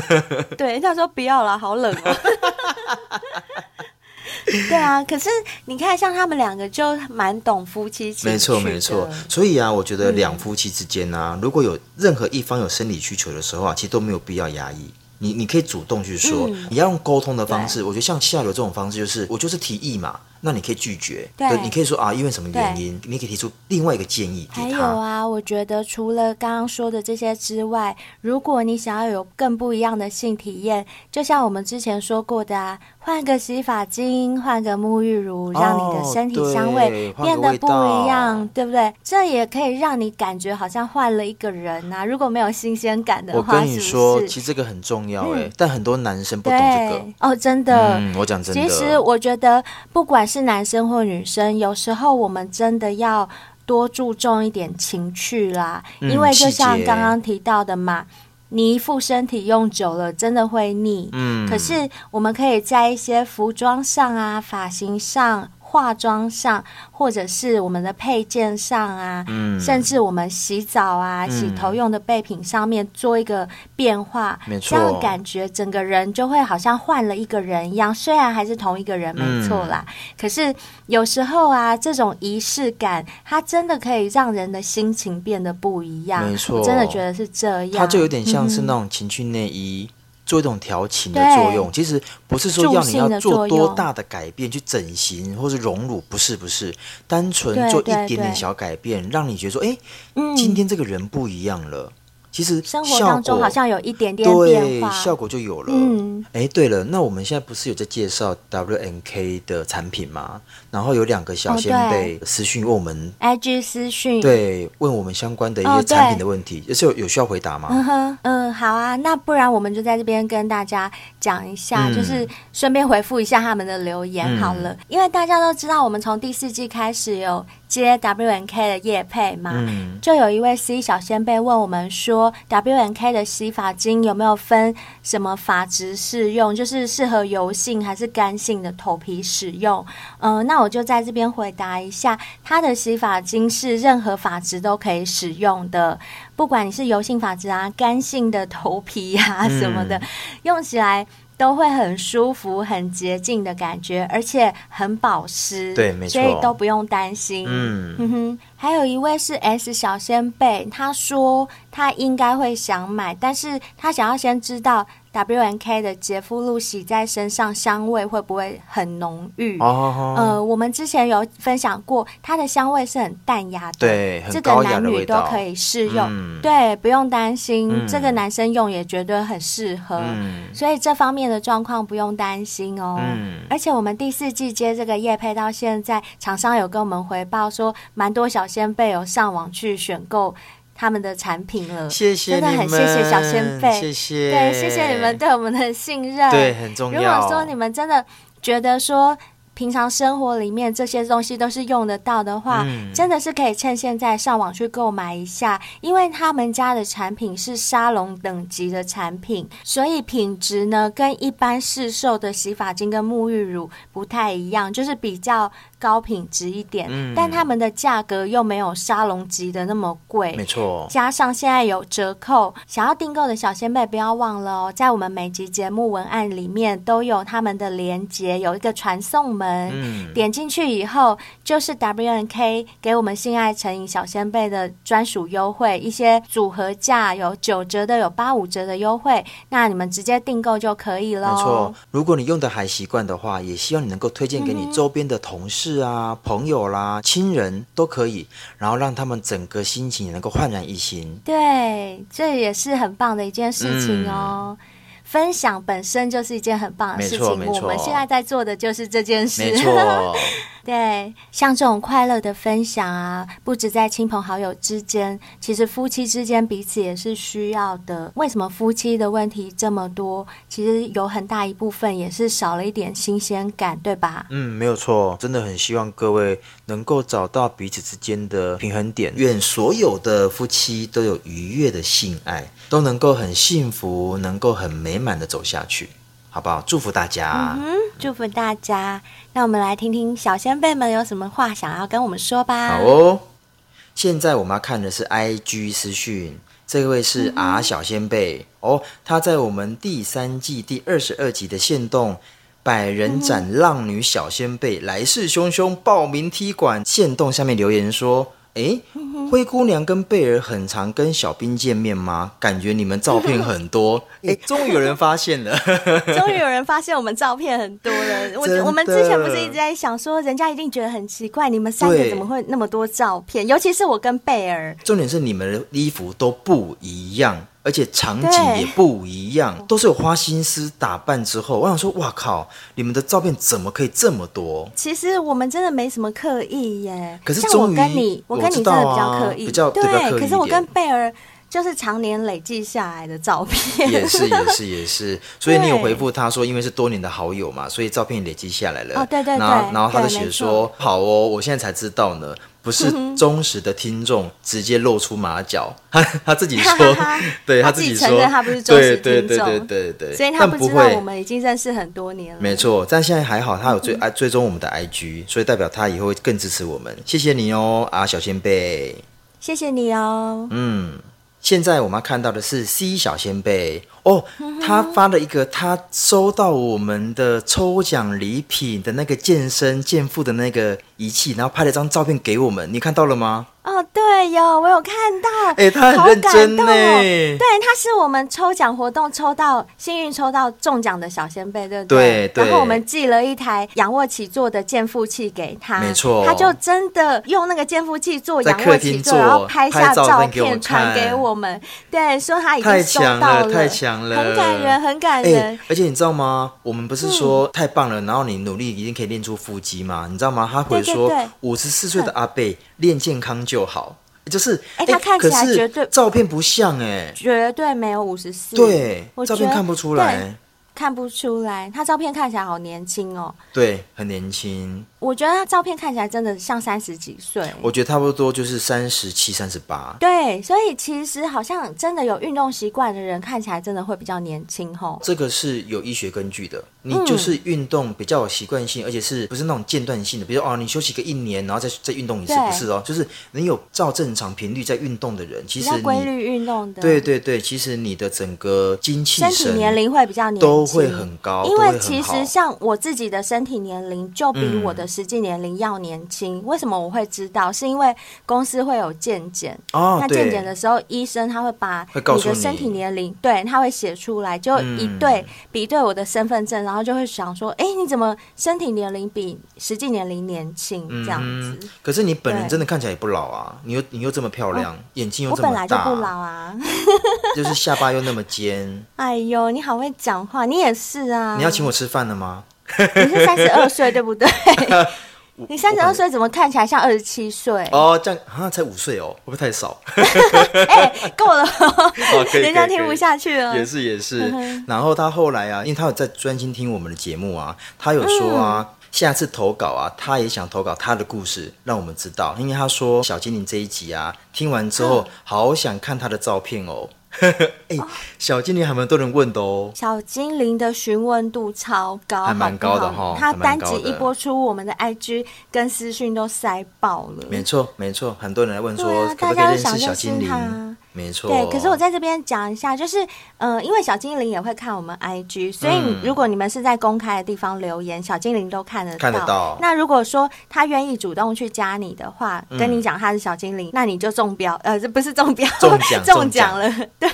對，他說不要了，好冷啊、喔。 嗯、對啊，可是你看，像他們兩個就蠻懂夫妻。沒錯，沒錯。所以啊，我覺得兩夫妻之間啊、嗯，如果有任何一方有生理需求的時候啊，其實都沒有必要壓抑。你，你可以主動去說，嗯、你要用溝通的方式。我覺得像下流這種方式，就是我就是提議嘛，那你可以拒絕。對，可你可以說啊，因為什麼原因，你可以提出另外一個建議。還有啊，我覺得除了剛剛說的這些之外，如果你想要有更不一樣的性體驗，就像我們之前說過的啊。換個洗髮精，換個沐浴乳，讓你的身體香味變得不一樣，哦、對，對不對？這也可以讓你感覺好像換了一個人吶、啊嗯。如果沒有新鮮感的話，我跟你說，其實這個很重要、欸嗯、但很多男生不懂這個哦，真的。嗯、我講真的，其實我覺得，不管是男生或女生，有時候我們真的要多注重一點情趣啦，因為就像剛剛提到的嘛。嗯姐姐你一副身體用久了，真的會膩。嗯，可是我們可以在一些服裝上啊，髮型上，化妝上，或者是我們的配件上啊，嗯，甚至我們洗澡啊、嗯，洗頭用的備品上面做一個變化。沒錯，這樣感覺整個人就會好像換了一個人一樣。雖然還是同一個人，嗯，沒錯啦，可是有時候啊，這種儀式感，它真的可以讓人的心情變得不一樣。沒錯，我真的覺得是這樣，它就有點像是那種情趣內衣。嗯做一種調情的作用，其實不是說要你要做多大的改變去整形或是隆乳，不是不是，單純做一點點小改變，對對對讓你覺得說，哎、欸嗯，今天這個人不一樣了。其實效果生活當中好像有一點點變化，對效果就有了。哎、嗯，欸、對了，那我們現在不是有在介紹 W&K 的產品嗎？然後有兩個小仙貝，私、哦、訊問我們，IG 私訊，對，問我們相關的一些產品的問題，就、哦、是有有需要回答嗎？嗯哼，嗯，好啊，那不然我們就在這邊跟大家講一下，嗯、就是順便回復一下他們的留言好了。嗯、因為大家都知道，我們從第四季開始有接 W&K 的業配嘛，嗯，就有一位 C 小仙貝問我們說、嗯、W&K 的洗髮精有沒有分什麼髮質適用，就是適合油性還是乾性的頭皮使用？嗯，那我。我就在這邊回答一下，它的洗髮精是任何髮質都可以使用的，不管你是油性髮質啊、乾性的頭皮呀、啊、什麼的、嗯，用起來都會很舒服、很潔淨的感覺，而且很保濕，對，沒錯，所以都不用擔心。嗯哼。呵呵還有一位是 S 小仙貝，他說他應該會想買，但是他想要先知道 W&K 的潔膚露洗在身上香味會不會很濃郁哦。Oh, oh, oh. 呃，我們之前有分享過，它的香味是很淡雅的，對，很這個男女都可以適用，嗯，對，不用擔心，嗯，這個男生用也覺得很適合，嗯，所以這方面的狀況不用擔心哦。嗯，而且我們第四季接這個業配到現在，廠商有跟我們回報說，蠻多小。先輩有、哦、上網去選購他們的產品了，謝謝你們，真的很謝謝小先輩，謝謝，對，謝謝你們對我們的信任，對，很重要。如果說你們真的覺得說平常生活裡面這些東西都是用得到的話，嗯、真的是可以趁現在上網去購買一下，因為他們家的產品是沙龍等級的產品，所以品質呢跟一般市售的洗髮精跟沐浴乳不太一樣，就是比較。高品質一點、嗯，但他們的價格又沒有沙龍級的那麼貴，沒錯。加上現在有折扣，想要訂購的小仙貝不要忘了哦，在我們每集節目文案裡面都有他們的鏈接，有一個傳送門，嗯、點進去以後就是 W&K 給我們性愛誠引小仙貝的專屬優惠，一些組合價有九折的，有八五折的優惠，那你們直接訂購就可以了。沒錯，如果你用的還習慣的話，也希望你能夠推薦給你周邊的同事。嗯是啊，朋友啦、親人，都可以，然後讓他們整個心情能夠煥然一新。對，這也是很棒的一件事情哦。嗯分享本身就是一件很棒的事情。沒錯，我們現在在做的就是這件事。沒錯。 對，像這種快樂的分享啊，不止在親朋好友之間，其實夫妻之間彼此也是需要的。為什麼夫妻的問題這麼多？其實有很大一部分也是少了一點新鮮感，對吧？嗯，沒有錯。真的很希望各位。能夠找到彼此之間的平衡點，願所有的夫妻都有愉悅的性愛，都能夠很幸福，能夠很美滿的走下去，好不好？祝福大家。嗯，祝福大家。那我們來聽聽小仙貝們有什麼話想要跟我們說吧。好哦，現在我們要看的是 IG 私訊，這位是 R 小仙貝。嗯。哦，他在我們第三季第二十二集的限動。百人斬浪女小仙貝，來勢洶洶，報名踢館。限動下面留言說：“哎、欸，灰姑娘跟貝兒很常跟小兵見面嗎？感覺你們照片很多。 ”哎、欸，終於有人發現了， 終於有人發現我們照片很多了。 真的。我，我們之前不是一直在想說，人家一定覺得很奇怪，你們三個怎麼會那麼多照片？尤其是我跟貝兒。重點是你們的衣服都不一樣。而且場景也不一樣，都是有花心思打扮之後。我想說，哇靠，你們的照片怎麼可以這麼多？其實我們真的沒什麼刻意耶。可是終於像我跟你，我跟你真的、啊、比較刻意，比較對，對比較刻意。可是我跟貝兒，就是常年累積下來的照片。也是也是也是。所以你有回復他說，因為是多年的好友嘛，所以照片累積下來了。哦對對對。然後然後他就寫說，好哦，我現在才知道呢。不是忠實的聽眾，直接露出馬腳，他 他自己說，對 他自己說 對對對對對對，所以他不，不會。我們已經認識很多年了，沒錯，但現在還好，他有最愛追蹤、 啊、我們的 I G，所以代表他以後會更支持我們，謝謝你哦，啊，小仙貝，謝謝你哦，嗯。現在我們要看到的是 C 小仙貝哦，oh, 嗯，他發了一個他收到我們的抽獎禮品的那個健身健腹的那個儀器，然後拍了張照片給我們，你看到了嗎？哦，對。對喲、哦，我有看到，哎、欸，他很認真，好感動哦。對，他是我們抽獎活動抽到幸運抽到中獎的小仙貝，對不對，對？對。然後我們寄了一台仰臥起坐的健腹器給他，沒錯，他就真的用那個健腹器做仰臥起坐，然後拍下照片傳給，給我們，對，說他已經收到了，太強了，了，很感人，很感人、欸。而且你知道嗎？我們不是說太棒了，嗯、然後你努力一定可以練出腹肌嘛。你知道嗎？他回說，五十四歲的阿伯練、嗯、健康就好。就是，哎、欸，他、欸、看起來絕對照片不像哎，絕對沒有五十四，對，照片看不出來，看不出來，他照片看起來好年輕哦，對，很年輕，我覺得他照片看起來真的像三十幾歲，我覺得差不多就是三十七、三十八，對，所以其實好像真的有運動習慣的人看起來真的會比較年輕吼、哦，這個是有醫學根據的。你就是運動比較有習慣性、嗯，而且是不是那種間斷性的？比如哦、啊，你休息個一年，然後再再運動一次，不是哦，就是你有照正常頻率在運動的人，其實規律運動的，對對對，其實你的整個精氣神、身體年齡會比較年輕，都會很高，因為其實像我自己的身體年齡就比我的實際年齡要年輕、嗯。為什麼我會知道？是因為公司會有健檢、哦，那健檢的時候，醫生他會把你的身體年齡，對他會寫出來，就一對比對我的身份證，嗯，然後然後就會想說，哎，你怎麼身體年齡比實際年齡年輕這樣子、嗯？可是你本人真的看起來也不老啊，你又你又這麼漂亮，哦、眼睛又這麼大，我本來就不老啊， 就是下巴又那麼尖。哎呦，你好會講話，你也是啊？你要請我吃飯了嗎？你是三十二歲對不對？ 你三十二歲，怎麼看起來像二十七歲？哦，這樣好像才五歲哦，會不會太少？哎、 欸，夠了，哦，好，可以，人家聽不下去了。也是也是，嗯。然後他後來啊，因為他有在專心聽我們的節目啊，他有說啊，嗯，下次投稿啊，他也想投稿他的故事，讓我們知道。因為他說小精靈這一集啊，聽完之後、嗯、好想看他的照片哦。哎，小精靈還蠻多人問的哦。小精靈的詢問度超高，還蠻高的哈。它單集一播出，我們的 IG 的跟私訊都塞爆了。沒錯，沒錯，很多人來問說，大家、啊、認識小精靈。沒錯，對。可是我在這邊講一下，就是，嗯、呃，因為小精靈也會看我們 IG，所以如果你們是在公開的地方留言，嗯、小精靈都看得到，看得到。那如果說他願意主動去加你的話，嗯、跟你講他是小精靈，那你就中標，呃，這不是中標，中獎了中。對。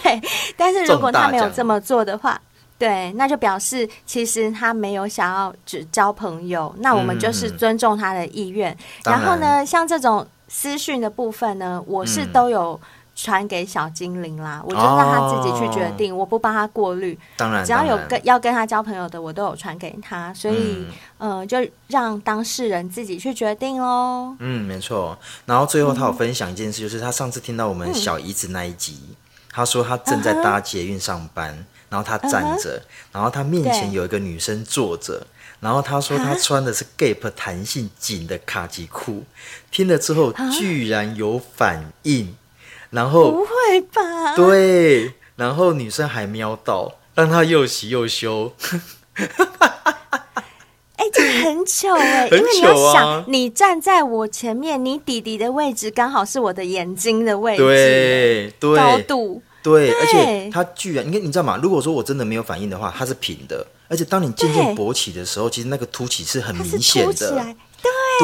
但是如果他沒有這麼做的話，對，那就表示其實他沒有想要只交朋友，那我們就是尊重他的意願、嗯。然後呢，像這種私訊的部分呢，我是都有、嗯。傳給小精靈啦，我就讓他自己去決定，哦、我不幫他過濾。當然，只要有跟要跟他交朋友的，我都有傳給他。所以，嗯、呃，就讓當事人自己去決定嘍。嗯，沒錯。然後最後他有分享一件事、嗯，就是他上次聽到我們小姨子那一集，嗯、他說他正在搭捷運上班、嗯，然後他站着、嗯，然後他面前有一個女生坐着、嗯，然後他說他穿的是 Gap 彈性緊的卡其褲、嗯，聽了之後、嗯、居然有反應。然後不會吧？對，然後女生還瞄到，讓她又喜又羞。哎、 欸，這很糗哎、啊！因為你要想，你站在我前面，你弟弟的位置剛好是我的眼睛的位置，對，對，高度對，對，而且它居然，你看，你知道嗎？如果說我真的沒有反應的話，它是平的，而且當你漸漸勃起的時候，其實那個凸起是很明顯的。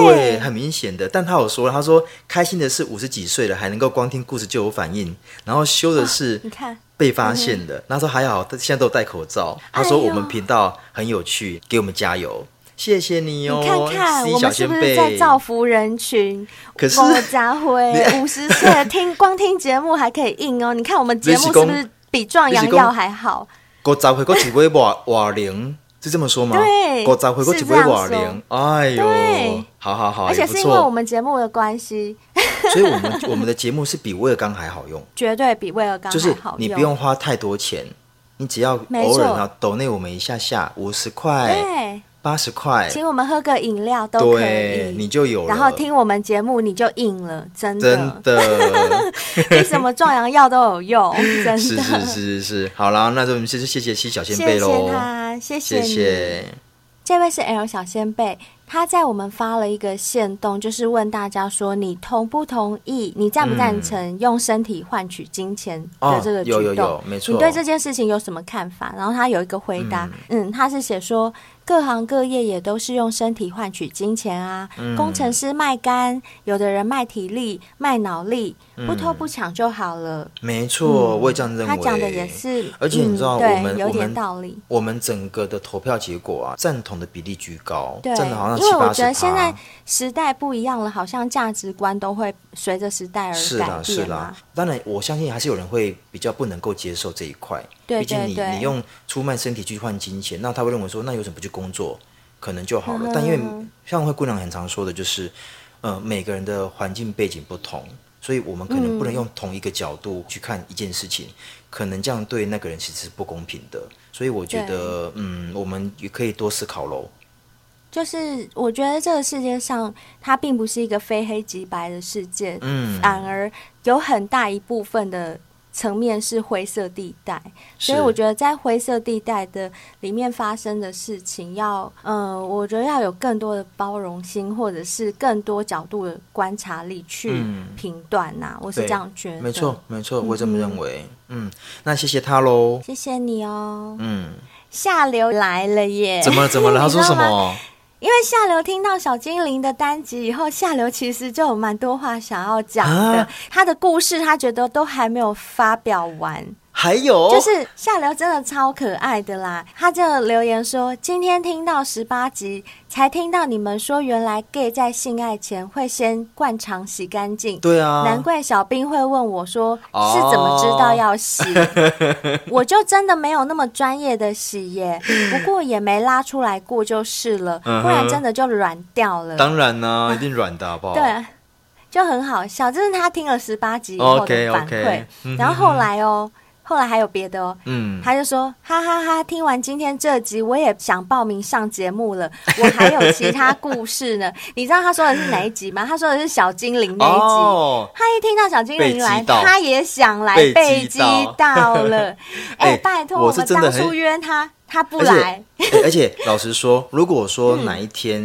對，很明顯的。但他有說，他說開心的是五十幾歲了，還能夠光聽故事就有反應。然後羞的是，你看被發現的。那時候還好，他現在都戴口罩、哎。他說我們頻道很有趣，給我們加油，謝謝你哦。你看看我們是不是在造福人群？可是郭家輝五十歲、啊、聽光聽節目還可以硬哦。 你看我們節目是不是比壯陽藥還好？郭家輝個幾歲？五五零。是這麼說嗎？對，我在回過幾回零，哎呦，好,好好好，而且是因為我們節目的關係，所以我們 我們的節目是比威而鋼還好用，絕對比威而鋼就是你不用花太多錢，你只要偶爾啊抖內我們一下下五十塊。八十塊，請我們喝個飲料都可以，你就有了。然後聽我們節目，你就硬了，真的，真的 你什麼壯陽藥都有用，真的。 是是是是是，好了，那就先謝謝小仙貝嘍。謝謝他，啊，這位是 L 小仙貝，他在我們發了一個限動，就是問大家說：你同不同意？你贊不贊成用身體換取金錢的這個舉動？哦，有有有，你對這件事情有什麼看法？然後他有一個回答，嗯，嗯他是寫說。各行各業也都是用身體換取金錢啊、嗯！工程師賣肝，有的人賣體力、賣腦力，嗯、不偷不搶就好了。沒錯、嗯，我也這樣認為。他講的也是，而且你知道，我們，嗯對，有點道理，我們我們整個的投票結果啊，贊同的比例居高，對，真的好像七八十。因為我覺得現在時代不一樣了，好像價值觀都會隨着時代而改變啊。是當然，我相信還是有人會比較不能夠接受這一塊。對，對，對，畢竟你你用出賣身體去換金錢，那他會認為說，那有什麼不去工作，可能就好了。嗯、但因為像灰姑娘很常說的，就是，呃，每個人的環境背景不同，所以我們可能不能用同一個角度去看一件事情，嗯、可能這樣對那個人其實是不公平的。所以我覺得，嗯，我們也可以多思考嘍。就是我覺得這個世界上，它並不是一個非黑即白的世界，嗯，反而有很大一部分的層面是灰色地帶。所以我覺得在灰色地帶的裡面發生的事情，要，呃，我覺得要有更多的包容心，或者是更多角度的觀察力去評斷吶。我是這樣覺得。沒錯，沒錯，我這麼認為。嗯，嗯，那謝謝他嘍。謝謝你哦。嗯，下流來了耶！怎麼了，怎麼了？他說什麼？ 因為下流聽到小精靈的單集以後，下流其實就有蠻多話想要講的，啊，他的故事他覺得都還沒有發表完。還有，就是夏流真的超可愛的啦，他就留言說：“今天聽到十八集，才聽到你們說原來 gay 在性愛前會先灌腸洗乾淨。”對啊，難怪小兵會問我說：“是怎麼知道要洗？”哦、我就真的沒有那麼專業的洗耶， 不過也沒拉出來過就是了，不然真的就軟掉了。嗯、當然啦、啊啊，一定軟的，好不好？對，就很好笑，就是他聽了十八集以後的反饋，okay, okay, 然後後來哦。嗯哼哼後來還有別的哦，嗯，他就說哈，哈哈哈，聽完今天這集，我也想報名上節目了。我還有其他故事呢， 你知道他說的是哪一集嗎？他說的是小精靈那一集。哦、他一聽到小精靈來，他也想來被擊到，被擊到了。哎、 欸欸，拜托我們當，我是真的初約他，他不來。而且、， 欸、而且老實說，如果說哪一天、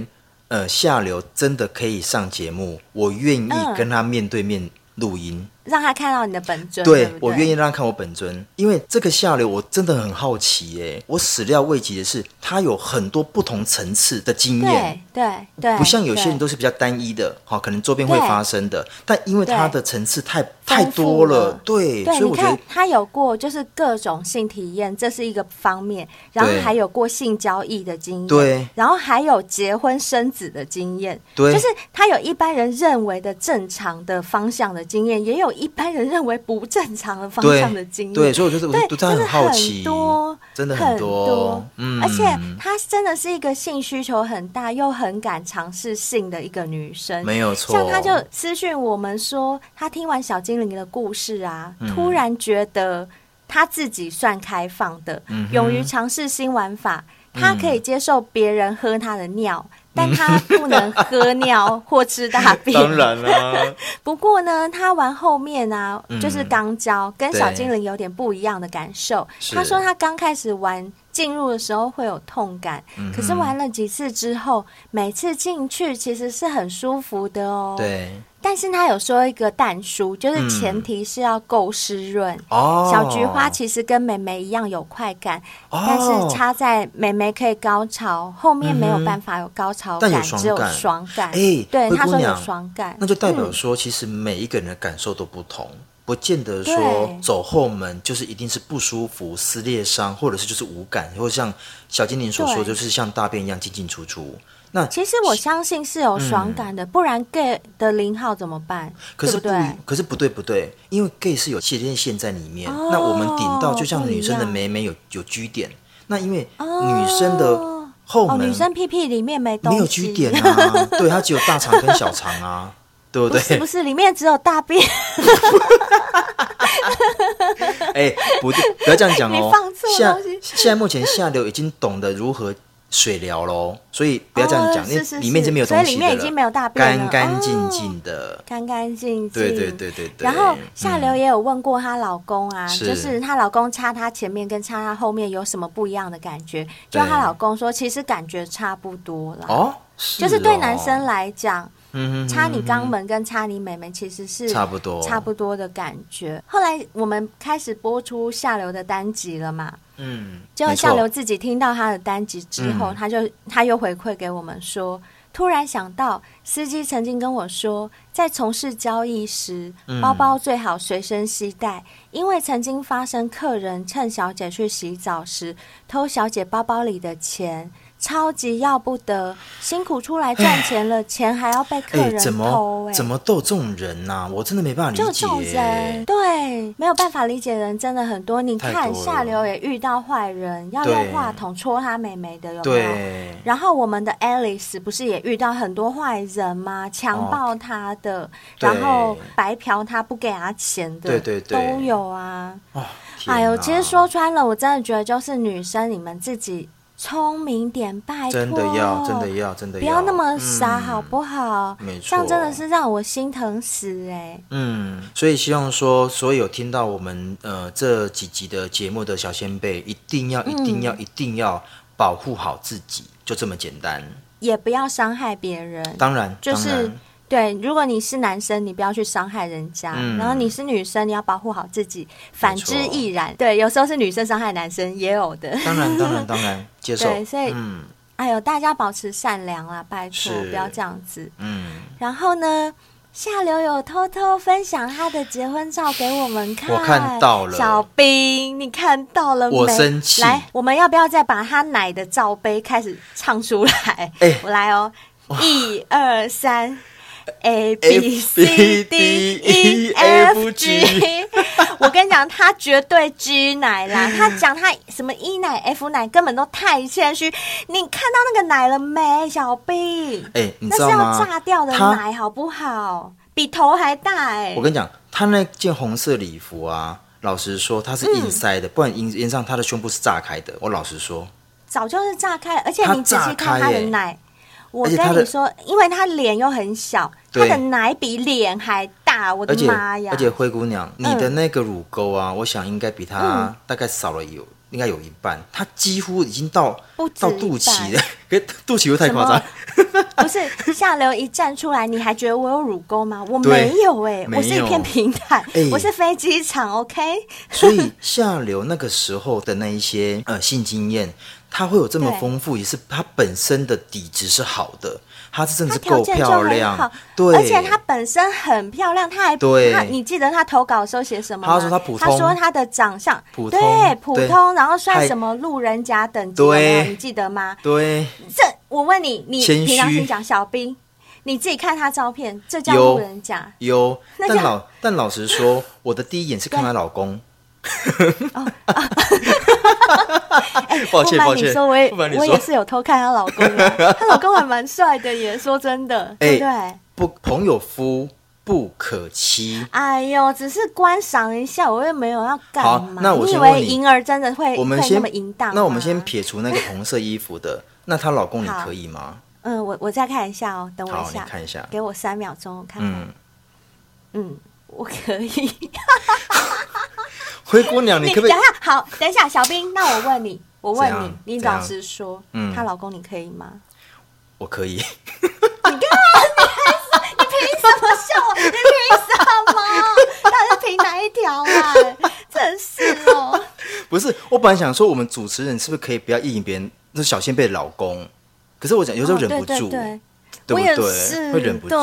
嗯，呃，下流真的可以上節目，我願意跟他面對面錄音。嗯讓他看到你的本尊，對，對，對我願意讓他看我本尊，因為這個下流，我真的很好奇耶、欸。我始料未及的是，他有很多不同層次的經驗，對對，對，不像有些人都是比較單一的，哈、哦，可能周邊會發生的，但因為他的層次太太多了，了對對所以我覺得，你看他有過就是各種性體驗，這是一個方面，然後還有過性交易的經驗，對，然後還有結婚生子的經驗，對，對就是他有一般人認為的正常的方向的經驗，也有一。一般人認為不正常的方向的經歷，對，所以我覺得就是，很多，真的很多，很多，嗯，而且她真的是一個性需求很大又很敢嘗試性的一個女生，沒有錯。像她就私訊我們說，她聽完小精靈的故事啊、嗯，突然覺得她自己算開放的，嗯、勇於嘗試新玩法，她可以接受別人喝她的尿。但他不能喝尿或吃大便。 當然、啊、 不過呢，他玩後面啊，嗯、就是肛交跟小精靈有點不一樣的感受。他說他剛開始玩。進入的時候會有痛感，嗯，可是玩了幾次之後，每次進去其實是很舒服的哦。對，但是他有說一個但書，就是前提是要夠濕潤。哦、嗯，小菊花其實跟妹妹一樣有快感，哦，但是插在妹妹可以高潮，後面沒有辦法有高潮感，嗯，但有爽感。爽感欸、對，他說有爽感，那就代表說其實每一個人的感受都不同。嗯不見得說走後門就是一定是不舒服，撕裂傷，或者是就是無感，或者像小精靈所說，就是像大便一樣進進出出。那其實我相信是有爽感的，嗯，不然 gay 的零號怎麼辦？可是對不對，嗯，可是不對，不對，因為 gay 是有前列腺在裡面，哦，那我們頂到就像女生的妹妹有有聚點，哦，那因為女生的後門，哦，女生屁屁裡面沒沒有聚點啊， 對，它只有大腸跟小腸啊。 對不對？不是，不是，裡面只有大便。 欸、不對，不要這樣講哦。現在，現在目前夏流已經懂得如何水療嘍，所以不要這樣講，哦、是是是因為裡面就沒有東西了。所以裡面已經沒有大便了，乾乾淨淨的，哦、乾乾淨淨。對對對對對。然後夏流也有問過她老公啊，嗯、就是她老公插她前面跟插她後面有什麼不一樣的感覺？就她老公說，其實感覺差不多了。哦，是，就是對男生來講。嗯，差你肛門跟差你妹妹其實是差不多差不多的感覺。後來我們開始播出下流的單集了嘛，嗯，結果下流自己聽到他的單集之後，他就他又回饋給我們說、嗯，突然想到司機曾經跟我說，在從事交易時，包包最好隨身攜帶、嗯，因為曾經發生客人趁小姐去洗澡時偷小姐包包裡的錢。超級要不得，辛苦出來賺錢了，錢還要被客人偷、欸，哎，怎麼怎麼都這種人吶、啊？我真的沒辦法理解。就這種人，對，沒有辦法理解人真的很多。你看下流也遇到壞人，要用話筒戳，戳他妹妹的對，有沒有？然後我們的 Alice 不是也遇到很多壞人嗎？強暴她的、哦，然後白嫖她不給她錢的，對，對對對，都有啊、哦。哎呦，其實說穿了，我真的覺得就是女生你們自己。聰明點，拜託，真的要，真的要，真的要不要那麼傻，好不好？嗯、沒錯，這樣真的是讓我心疼死哎、欸。嗯，所以希望說，所有聽到我們呃這幾集的節目的小仙貝，一定要，一定要，嗯、一定要保護好自己，就這麼簡單，也不要傷害別人。當然，就是。對，如果你是男生，你不要去傷害人家、嗯；然後你是女生，你要保護好自己。反之亦然。對，有時候是女生傷害男生，也有的。當然，當然，當然，接受。 對，所以、嗯，哎呦，大家保持善良啦，拜托，不要這樣子。嗯。然後呢，夏流有偷偷分享他的結婚照給我們看，我看到了。小兵，你看到了沒？我生氣。來，我們要不要再把他奶的罩杯開始唱出來？欸、我來哦，一二三。1, 2, A B C D E F G， 我跟你講，他絕對 G 奶啦！他講他什麼 E 奶 F 奶，根本都太謙虛。你看到那個奶了沒，小兵，哎、欸，你知道嗎？那是要炸掉的奶，好不好？比頭還大哎、欸！我跟你講，他那件紅色禮服啊，老實說，他是硬塞的，嗯、不然應應上他的胸部是炸開的。我老實說，早就是炸開了，而且你仔細看他的奶。我跟你說，他因為她臉又很小，她的奶比臉還大，我的媽呀！而且，而且灰姑娘，你的那個乳溝啊、嗯，我想應該比她大概少了有、嗯，應該有一半，她幾乎已經到到肚臍了，肚臍又太誇張。不是下流一站出來，你還覺得我有乳溝嗎？我沒有哎、欸，我是一片平坦，欸、我是飛機場。OK，所以下流那個時候的那一些呃性經驗。他會有這麼豐富，也是他本身的底子是好的，她真的是夠漂亮，對，而且他本身很漂亮，他還對他，你記得他投稿的時候寫什麼嗎？他她說她普通，他說他的長相普通，對，普通，然後算什麼路人甲等級的，你記得嗎？對，這我問你，你憑良心講，小兵，你自己看他照片，這叫路人甲，有，有但老但老實說， 我的第一眼是看他老公。 欸、抱歉，抱歉，我也，我也是有偷看她老公，啊，她 老公還蠻帥的耶，也 說真的，哎、欸，對，對，不，朋友夫不可欺。哎呦，只是觀賞一下，我又沒有要幹嘛。好，那我先問你，那你，你以為銀兒真的會我們先會那麼淫蕩？那我們先撇除那個紅色衣服的， 那她老公你可以嗎？嗯，我我再看一下哦，等我一下，看一下，給我三秒鐘，我看，看。嗯，嗯，我可以。 灰姑娘，你可不可以你等一下，好，等一下，小兵，那我問你，我問你，你老實說，她老公你可以嗎？我可以。你看， 你還說，你憑什麼笑我？你憑什麼？到 底是憑哪一條啊？ 真是哦。不是，我本來想說，我們主持人是不是可以不要意淫別人？那小仙貝老公，可是我講有時候忍不住、哦。對對對對對對我也是，會忍不住。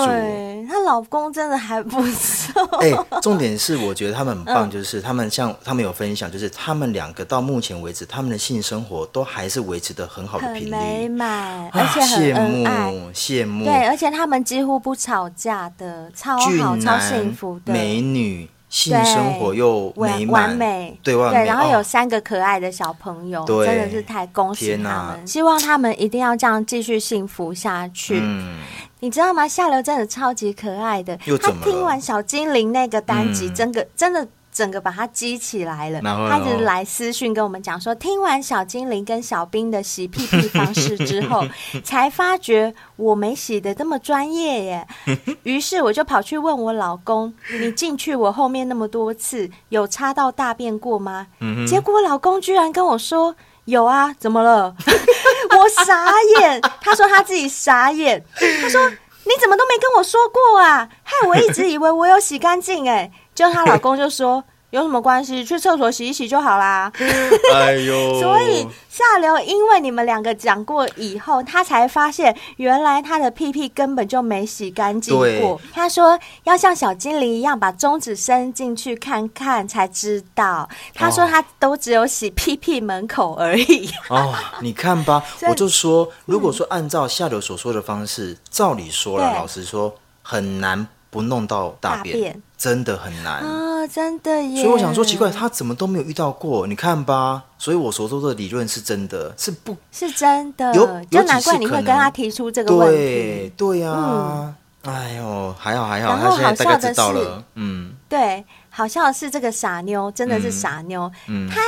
她老公真的還不錯、 欸。重點是我覺得他們很棒，嗯，就是他們像他們有分享，就是他們兩個到目前為止，他們的性生活都還是維持的很好的頻率，很美滿，啊，而且很恩愛羨慕，羨慕。對，而且他們幾乎不吵架的，超好，超幸福的美女。性生活又美滿，美完美，對，然後有三個可愛的小朋友，哦、真的是太恭喜他們、啊，希望他們一定要這樣繼續幸福下去。嗯、你知道嗎？下流真的超級可愛的，他聽完小精靈那個單集，真、嗯、的真的。真的整個把它激起來了，他就來私訊跟我們講說，聽完小精靈跟小兵的洗屁屁方式之後， 才發覺我沒洗得這麼專業耶。於是我就跑去問我老公：“你進去我後面那麼多次，有插到大便過嗎、嗯？”結果老公居然跟我說：“有啊，怎麼了？” 我傻眼， 他說他自己傻眼，他說：“你怎麼都沒跟我說過啊？害我一直以為我有洗乾淨哎。”就她老公就說 有什麼關係，去廁所洗一洗就好啦。 哎呦，所以下流，因為你們兩個講過以後，他才發現原來他的屁屁根本就沒洗乾淨過。對，他說要像小精靈一樣把中指伸進去看看才知道。哦、他說他都只有洗屁屁門口而已。 哦，你看吧， 我就說，如果說按照下流所說的方式，照理說了，嗯、老實說很難。不弄到大便，大便真的很難啊、哦，真的耶！所以我想說，奇怪，他怎麼都沒有遇到過？你看吧，所以我所說的理論是真的，是不？是真的，有，就難怪你會跟他提出這個問題。對對啊，哎、嗯、呦，還好還好，然後好像是，他現在大概知道了。嗯，對，好像是這個傻妞，真的是傻妞，嗯、他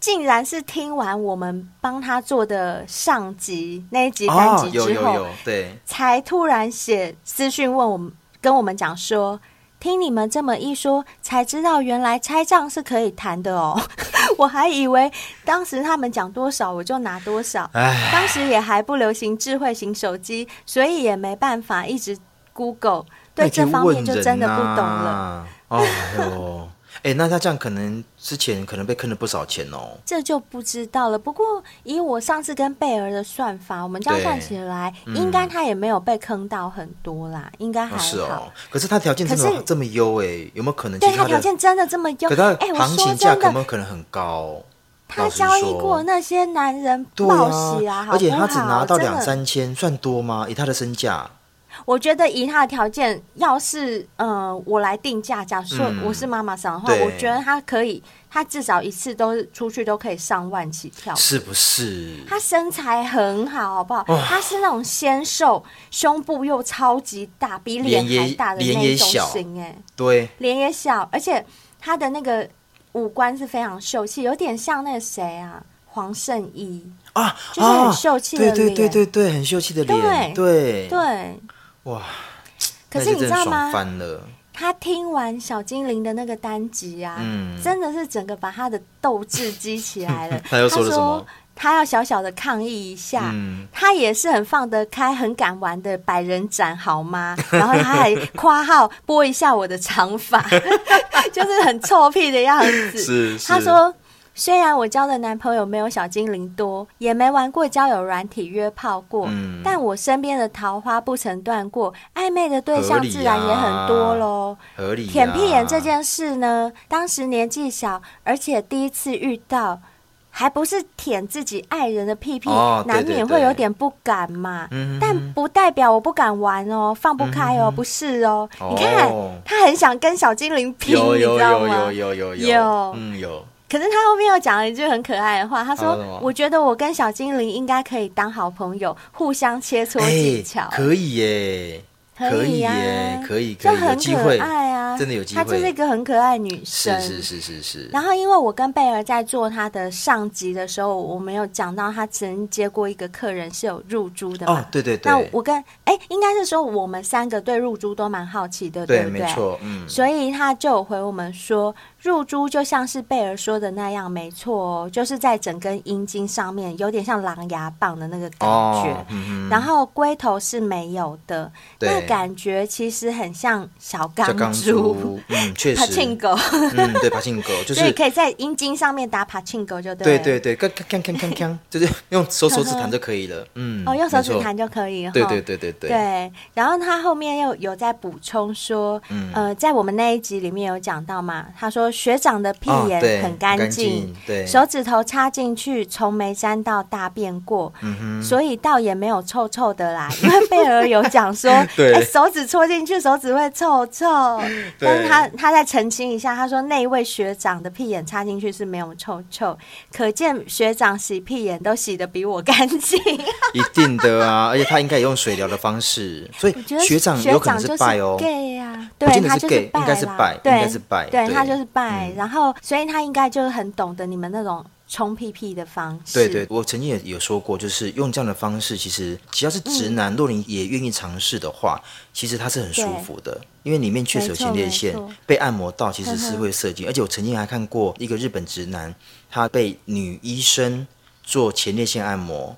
竟然是聽完我們幫他做的上集那一集單集之後，啊、有有有有對，才突然寫私訊問我們。跟我們講說，聽你們這麼一說，才知道原來拆賬是可以談的哦。 我還以為當時他們講多少，我就拿多少。當時也還不流行智慧型手機，所以也沒辦法一直 Google，對這方面就真的不懂了。 哎、欸，那他這樣可能之前可能被坑了不少錢哦，這就不知道了。不過以我上次跟貝兒的算法，我們這樣算起來，嗯、應該他也沒有被坑到很多啦，應該還好、啊、是哦，可是他條件真的這麼優哎、欸，有沒有可能？對他條件真的這麼優？可是他、欸、行情價有沒有可能很高？他交易過那些男人報喜啊，啊好不好，而且他只拿到兩三千，算多嗎？以、欸、他的身價？我覺得以他的條件，要是呃，我來定價，假設我是媽媽桑的話、嗯，我覺得他可以，他至少一次都出去都可以上萬起跳，是不是？他身材很好，好不好、哦？他是那種纖瘦，胸部又超級大，比臉還大的那一種型，哎，對，臉也小，而且他的那個五官是非常秀氣，有點像那個誰啊，黃聖依啊，就是很秀氣的臉，對、啊啊、對對對對，很秀氣的臉，對對。對哇可！可是你知道嗎？他聽完小精靈的那個單集啊、嗯，真的是整個把他的鬥志激起來了。 他又說了什麼？他說，他要小小的抗議一下、嗯。他也是很放得開、很敢玩的百人斬，好嗎？然後他還誇號撥一下我的長髮， 就是很臭屁的樣子。 是，他說。雖然我交的男朋友沒有小精靈多，也沒玩過交友軟體約炮過，嗯、但我身邊的桃花不曾斷過，曖昧的對象自然也很多嘍、合理啊。舔屁眼這件事呢，當時年紀小，而且第一次遇到，還不是舔自己愛人的屁屁，難、哦、免會有點不敢嘛、嗯。但不代表我不敢玩哦，放不開哦，嗯、不是哦，哦。你看，他很想跟小精靈拼，有有有有有有有，有，有，嗯有。可是他後面又講了一句很可愛的話，他說：“我覺得我跟小精靈應該可以當好朋友、欸，互相切磋技巧，可以耶、欸，可以耶、啊，可以，可以，就很可愛啊，真的有機會。她就是一個很可愛女生，是是是是，是，是。然後因為我跟貝兒在做她的上集的時候，我們有講到她曾經接過一個客人是有入珠的嘛，哦，對對對。那我跟哎、欸，應該是說我們三個對入珠都蠻好奇的對，對不對？沒錯，嗯。所以他就回我們說。”入珠就像是貝爾說的那樣，沒錯，就是在整根陰莖上面，有點像狼牙棒的那個感覺。哦嗯、然後龜頭是沒有的。那個感覺其實很像小鋼珠，小鋼珠。嗯，確實。柏青哥、嗯。對，柏青哥。所以、就是、 可以在陰莖上面打柏青哥就對。對對對，就是用手手指彈就可以了。 嗯。哦，用手指彈就可以、哦。對對對對對。對，然後他後面又有在補充說、嗯，呃，在我們那一集裡面有講到嘛，他說。學長的屁眼很乾淨、哦，手指頭插進去從沒沾到大便過、嗯哼，所以倒也沒有臭臭的啦。 因為貝爾有講說對、欸，手指戳進去手指會臭臭，但是他他在澄清一下，他說那一位學長的屁眼插進去是沒有臭臭，可見學長洗屁眼都洗得比我乾淨，一定的啊， 而且他應該也用水療的方式，所以學長有可能是敗哦，我覺得學長就是 gay 啊，對，他就是敗敗，對，他就是敗。對、嗯，然後所以他應該就是很懂得你們那種沖屁屁的方式。對對，我曾經也有說過，就是用這樣的方式，其實只要是直男、嗯，若你也願意嘗試的話，其實他是很舒服的，因為裡面確實有前列腺被按摩到，其實是會射精、嗯。而且我曾經還看過一個日本直男，他被女醫生做前列腺按摩，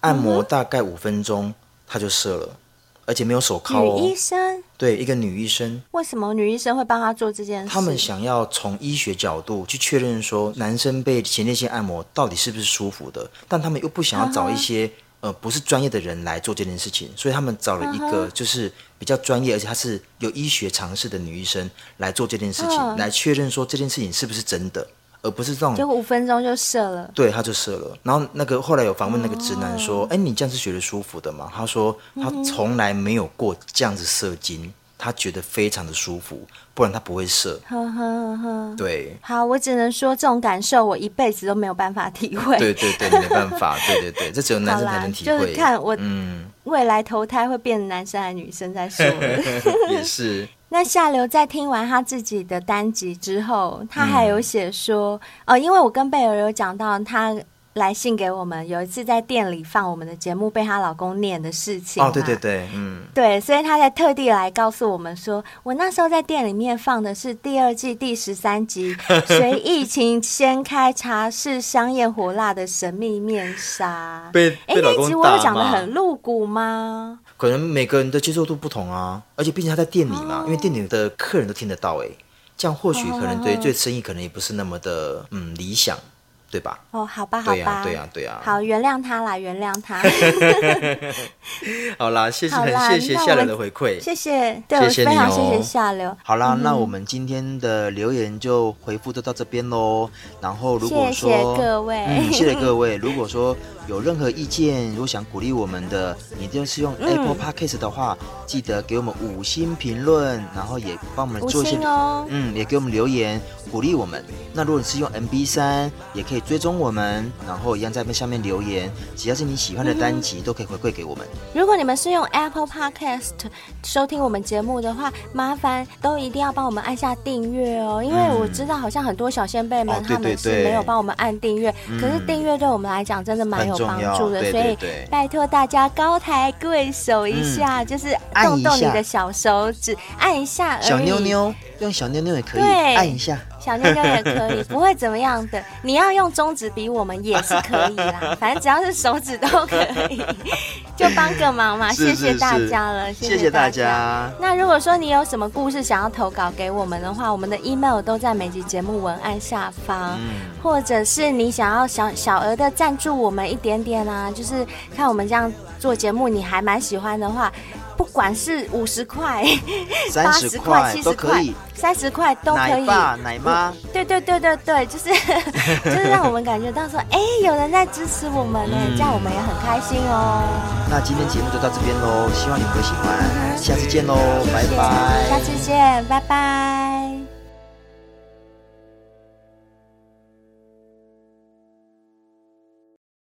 按摩大概五分鐘、嗯、他就射了。而且沒有手銬哦。女醫生，對，一個女醫生，為什麼女醫生會幫她做這件事？他們想要從醫學角度去確認說男生被前列腺按摩到底是不是舒服的？但他們又不想要找一些、Uh-huh. 呃不是專業的人來做這件事情，所以他們找了一個就是比較專業，而且他是有醫學常識的女醫生來做這件事情，Uh-huh. 來確認說這件事情是不是真的。而不是這種，結果，五分鐘就射了。對，他就射了。然後那個後來有訪問那個直男說：“哎、哦欸，你這樣是覺得舒服的嗎？”他說：“他從來沒有過這樣子射精、嗯，他覺得非常的舒服，不然他不會射。”呵呵呵，對。好，我只能說這種感受我一輩子都沒有辦法體會。對對對，沒辦法， 對對對，這只有男生才能體會。就是看我嗯，未來投胎會變成男生還是女生再說。 也是。那夏流在聽完他自己的單集之後，他還有寫說、嗯，哦，因為我跟貝爾有講到，他來信給我們，有一次在店裡放我們的節目被她老公念的事情。哦，對對對，嗯，對，所以他才特地來告訴我們說，我那時候在店裡面放的是第二季第十三集，隨疫情掀開茶室 香艷火辣的神秘面紗。誒，被、被老公打嗎？欸、那集我有講的很露骨嗎？可能每個人的接受度不同啊，而且畢竟他在店裡嘛、哦，因為店裡的客人都聽得到哎、欸，這樣或許可能對對生意可能也不是那麼的嗯理想，對吧？哦，好吧，好吧，對啊，對啊，對啊好，原諒他啦，原諒他。 好啦，謝謝謝謝夏流的回饋，謝謝，對我非常謝謝夏、喔、流。好啦、嗯，那我們今天的留言就回復都到這邊嘍，然後如果說各位，謝謝各位，嗯、謝謝各位 如果說。有任何意見，如果想鼓勵我們的，你就是用 Apple Podcast 的話，嗯、記得給我們五星評論，然後也幫我們做一些哦，嗯，也給我們留言鼓勵我們。那如果你是用 MB 三，也可以追蹤我們，然後一樣在下面留言。只要是你喜歡的單集，嗯、都可以回饋給我們。如果你們是用 Apple Podcast 收聽我們節目的話，麻煩都一定要幫我們按下訂閱哦，因為我知道好像很多小仙貝們、嗯、他們是沒有幫我們按訂閱、哦對對對，可是訂閱對我們來講真的蠻。有幫助的，所以拜託大家高抬貴手一下，就是動動你的小手指，嗯，按，按一下而已。小妞妞。用小妞妞也可以，按一下。小妞妞也可以，不會怎麼樣的。 你要用中指比我們也是可以啦， 反正只要是手指都可以， 就幫個忙嘛。 是是是謝謝大家了，謝謝大家。謝謝大家。 那如果說你有什麼故事想要投稿給我們的話，我們的 email 都在每集節目文案下方，嗯。或者是你想要小小額的贊助我們一點點啊，就是看我們這樣。做節目你還蠻喜歡的話，不管是五十塊、三十塊、七十塊、三十塊都可以，奶爸、奶媽、嗯，對對對對對，就是 就是讓我們感覺到說，哎、欸，有人在支持我們呢， 這樣我們也很開心哦、喔嗯。那今天節目就到這邊嘍，希望你們會喜歡、嗯，下次見嘍、嗯，拜拜謝謝，下次見，拜拜。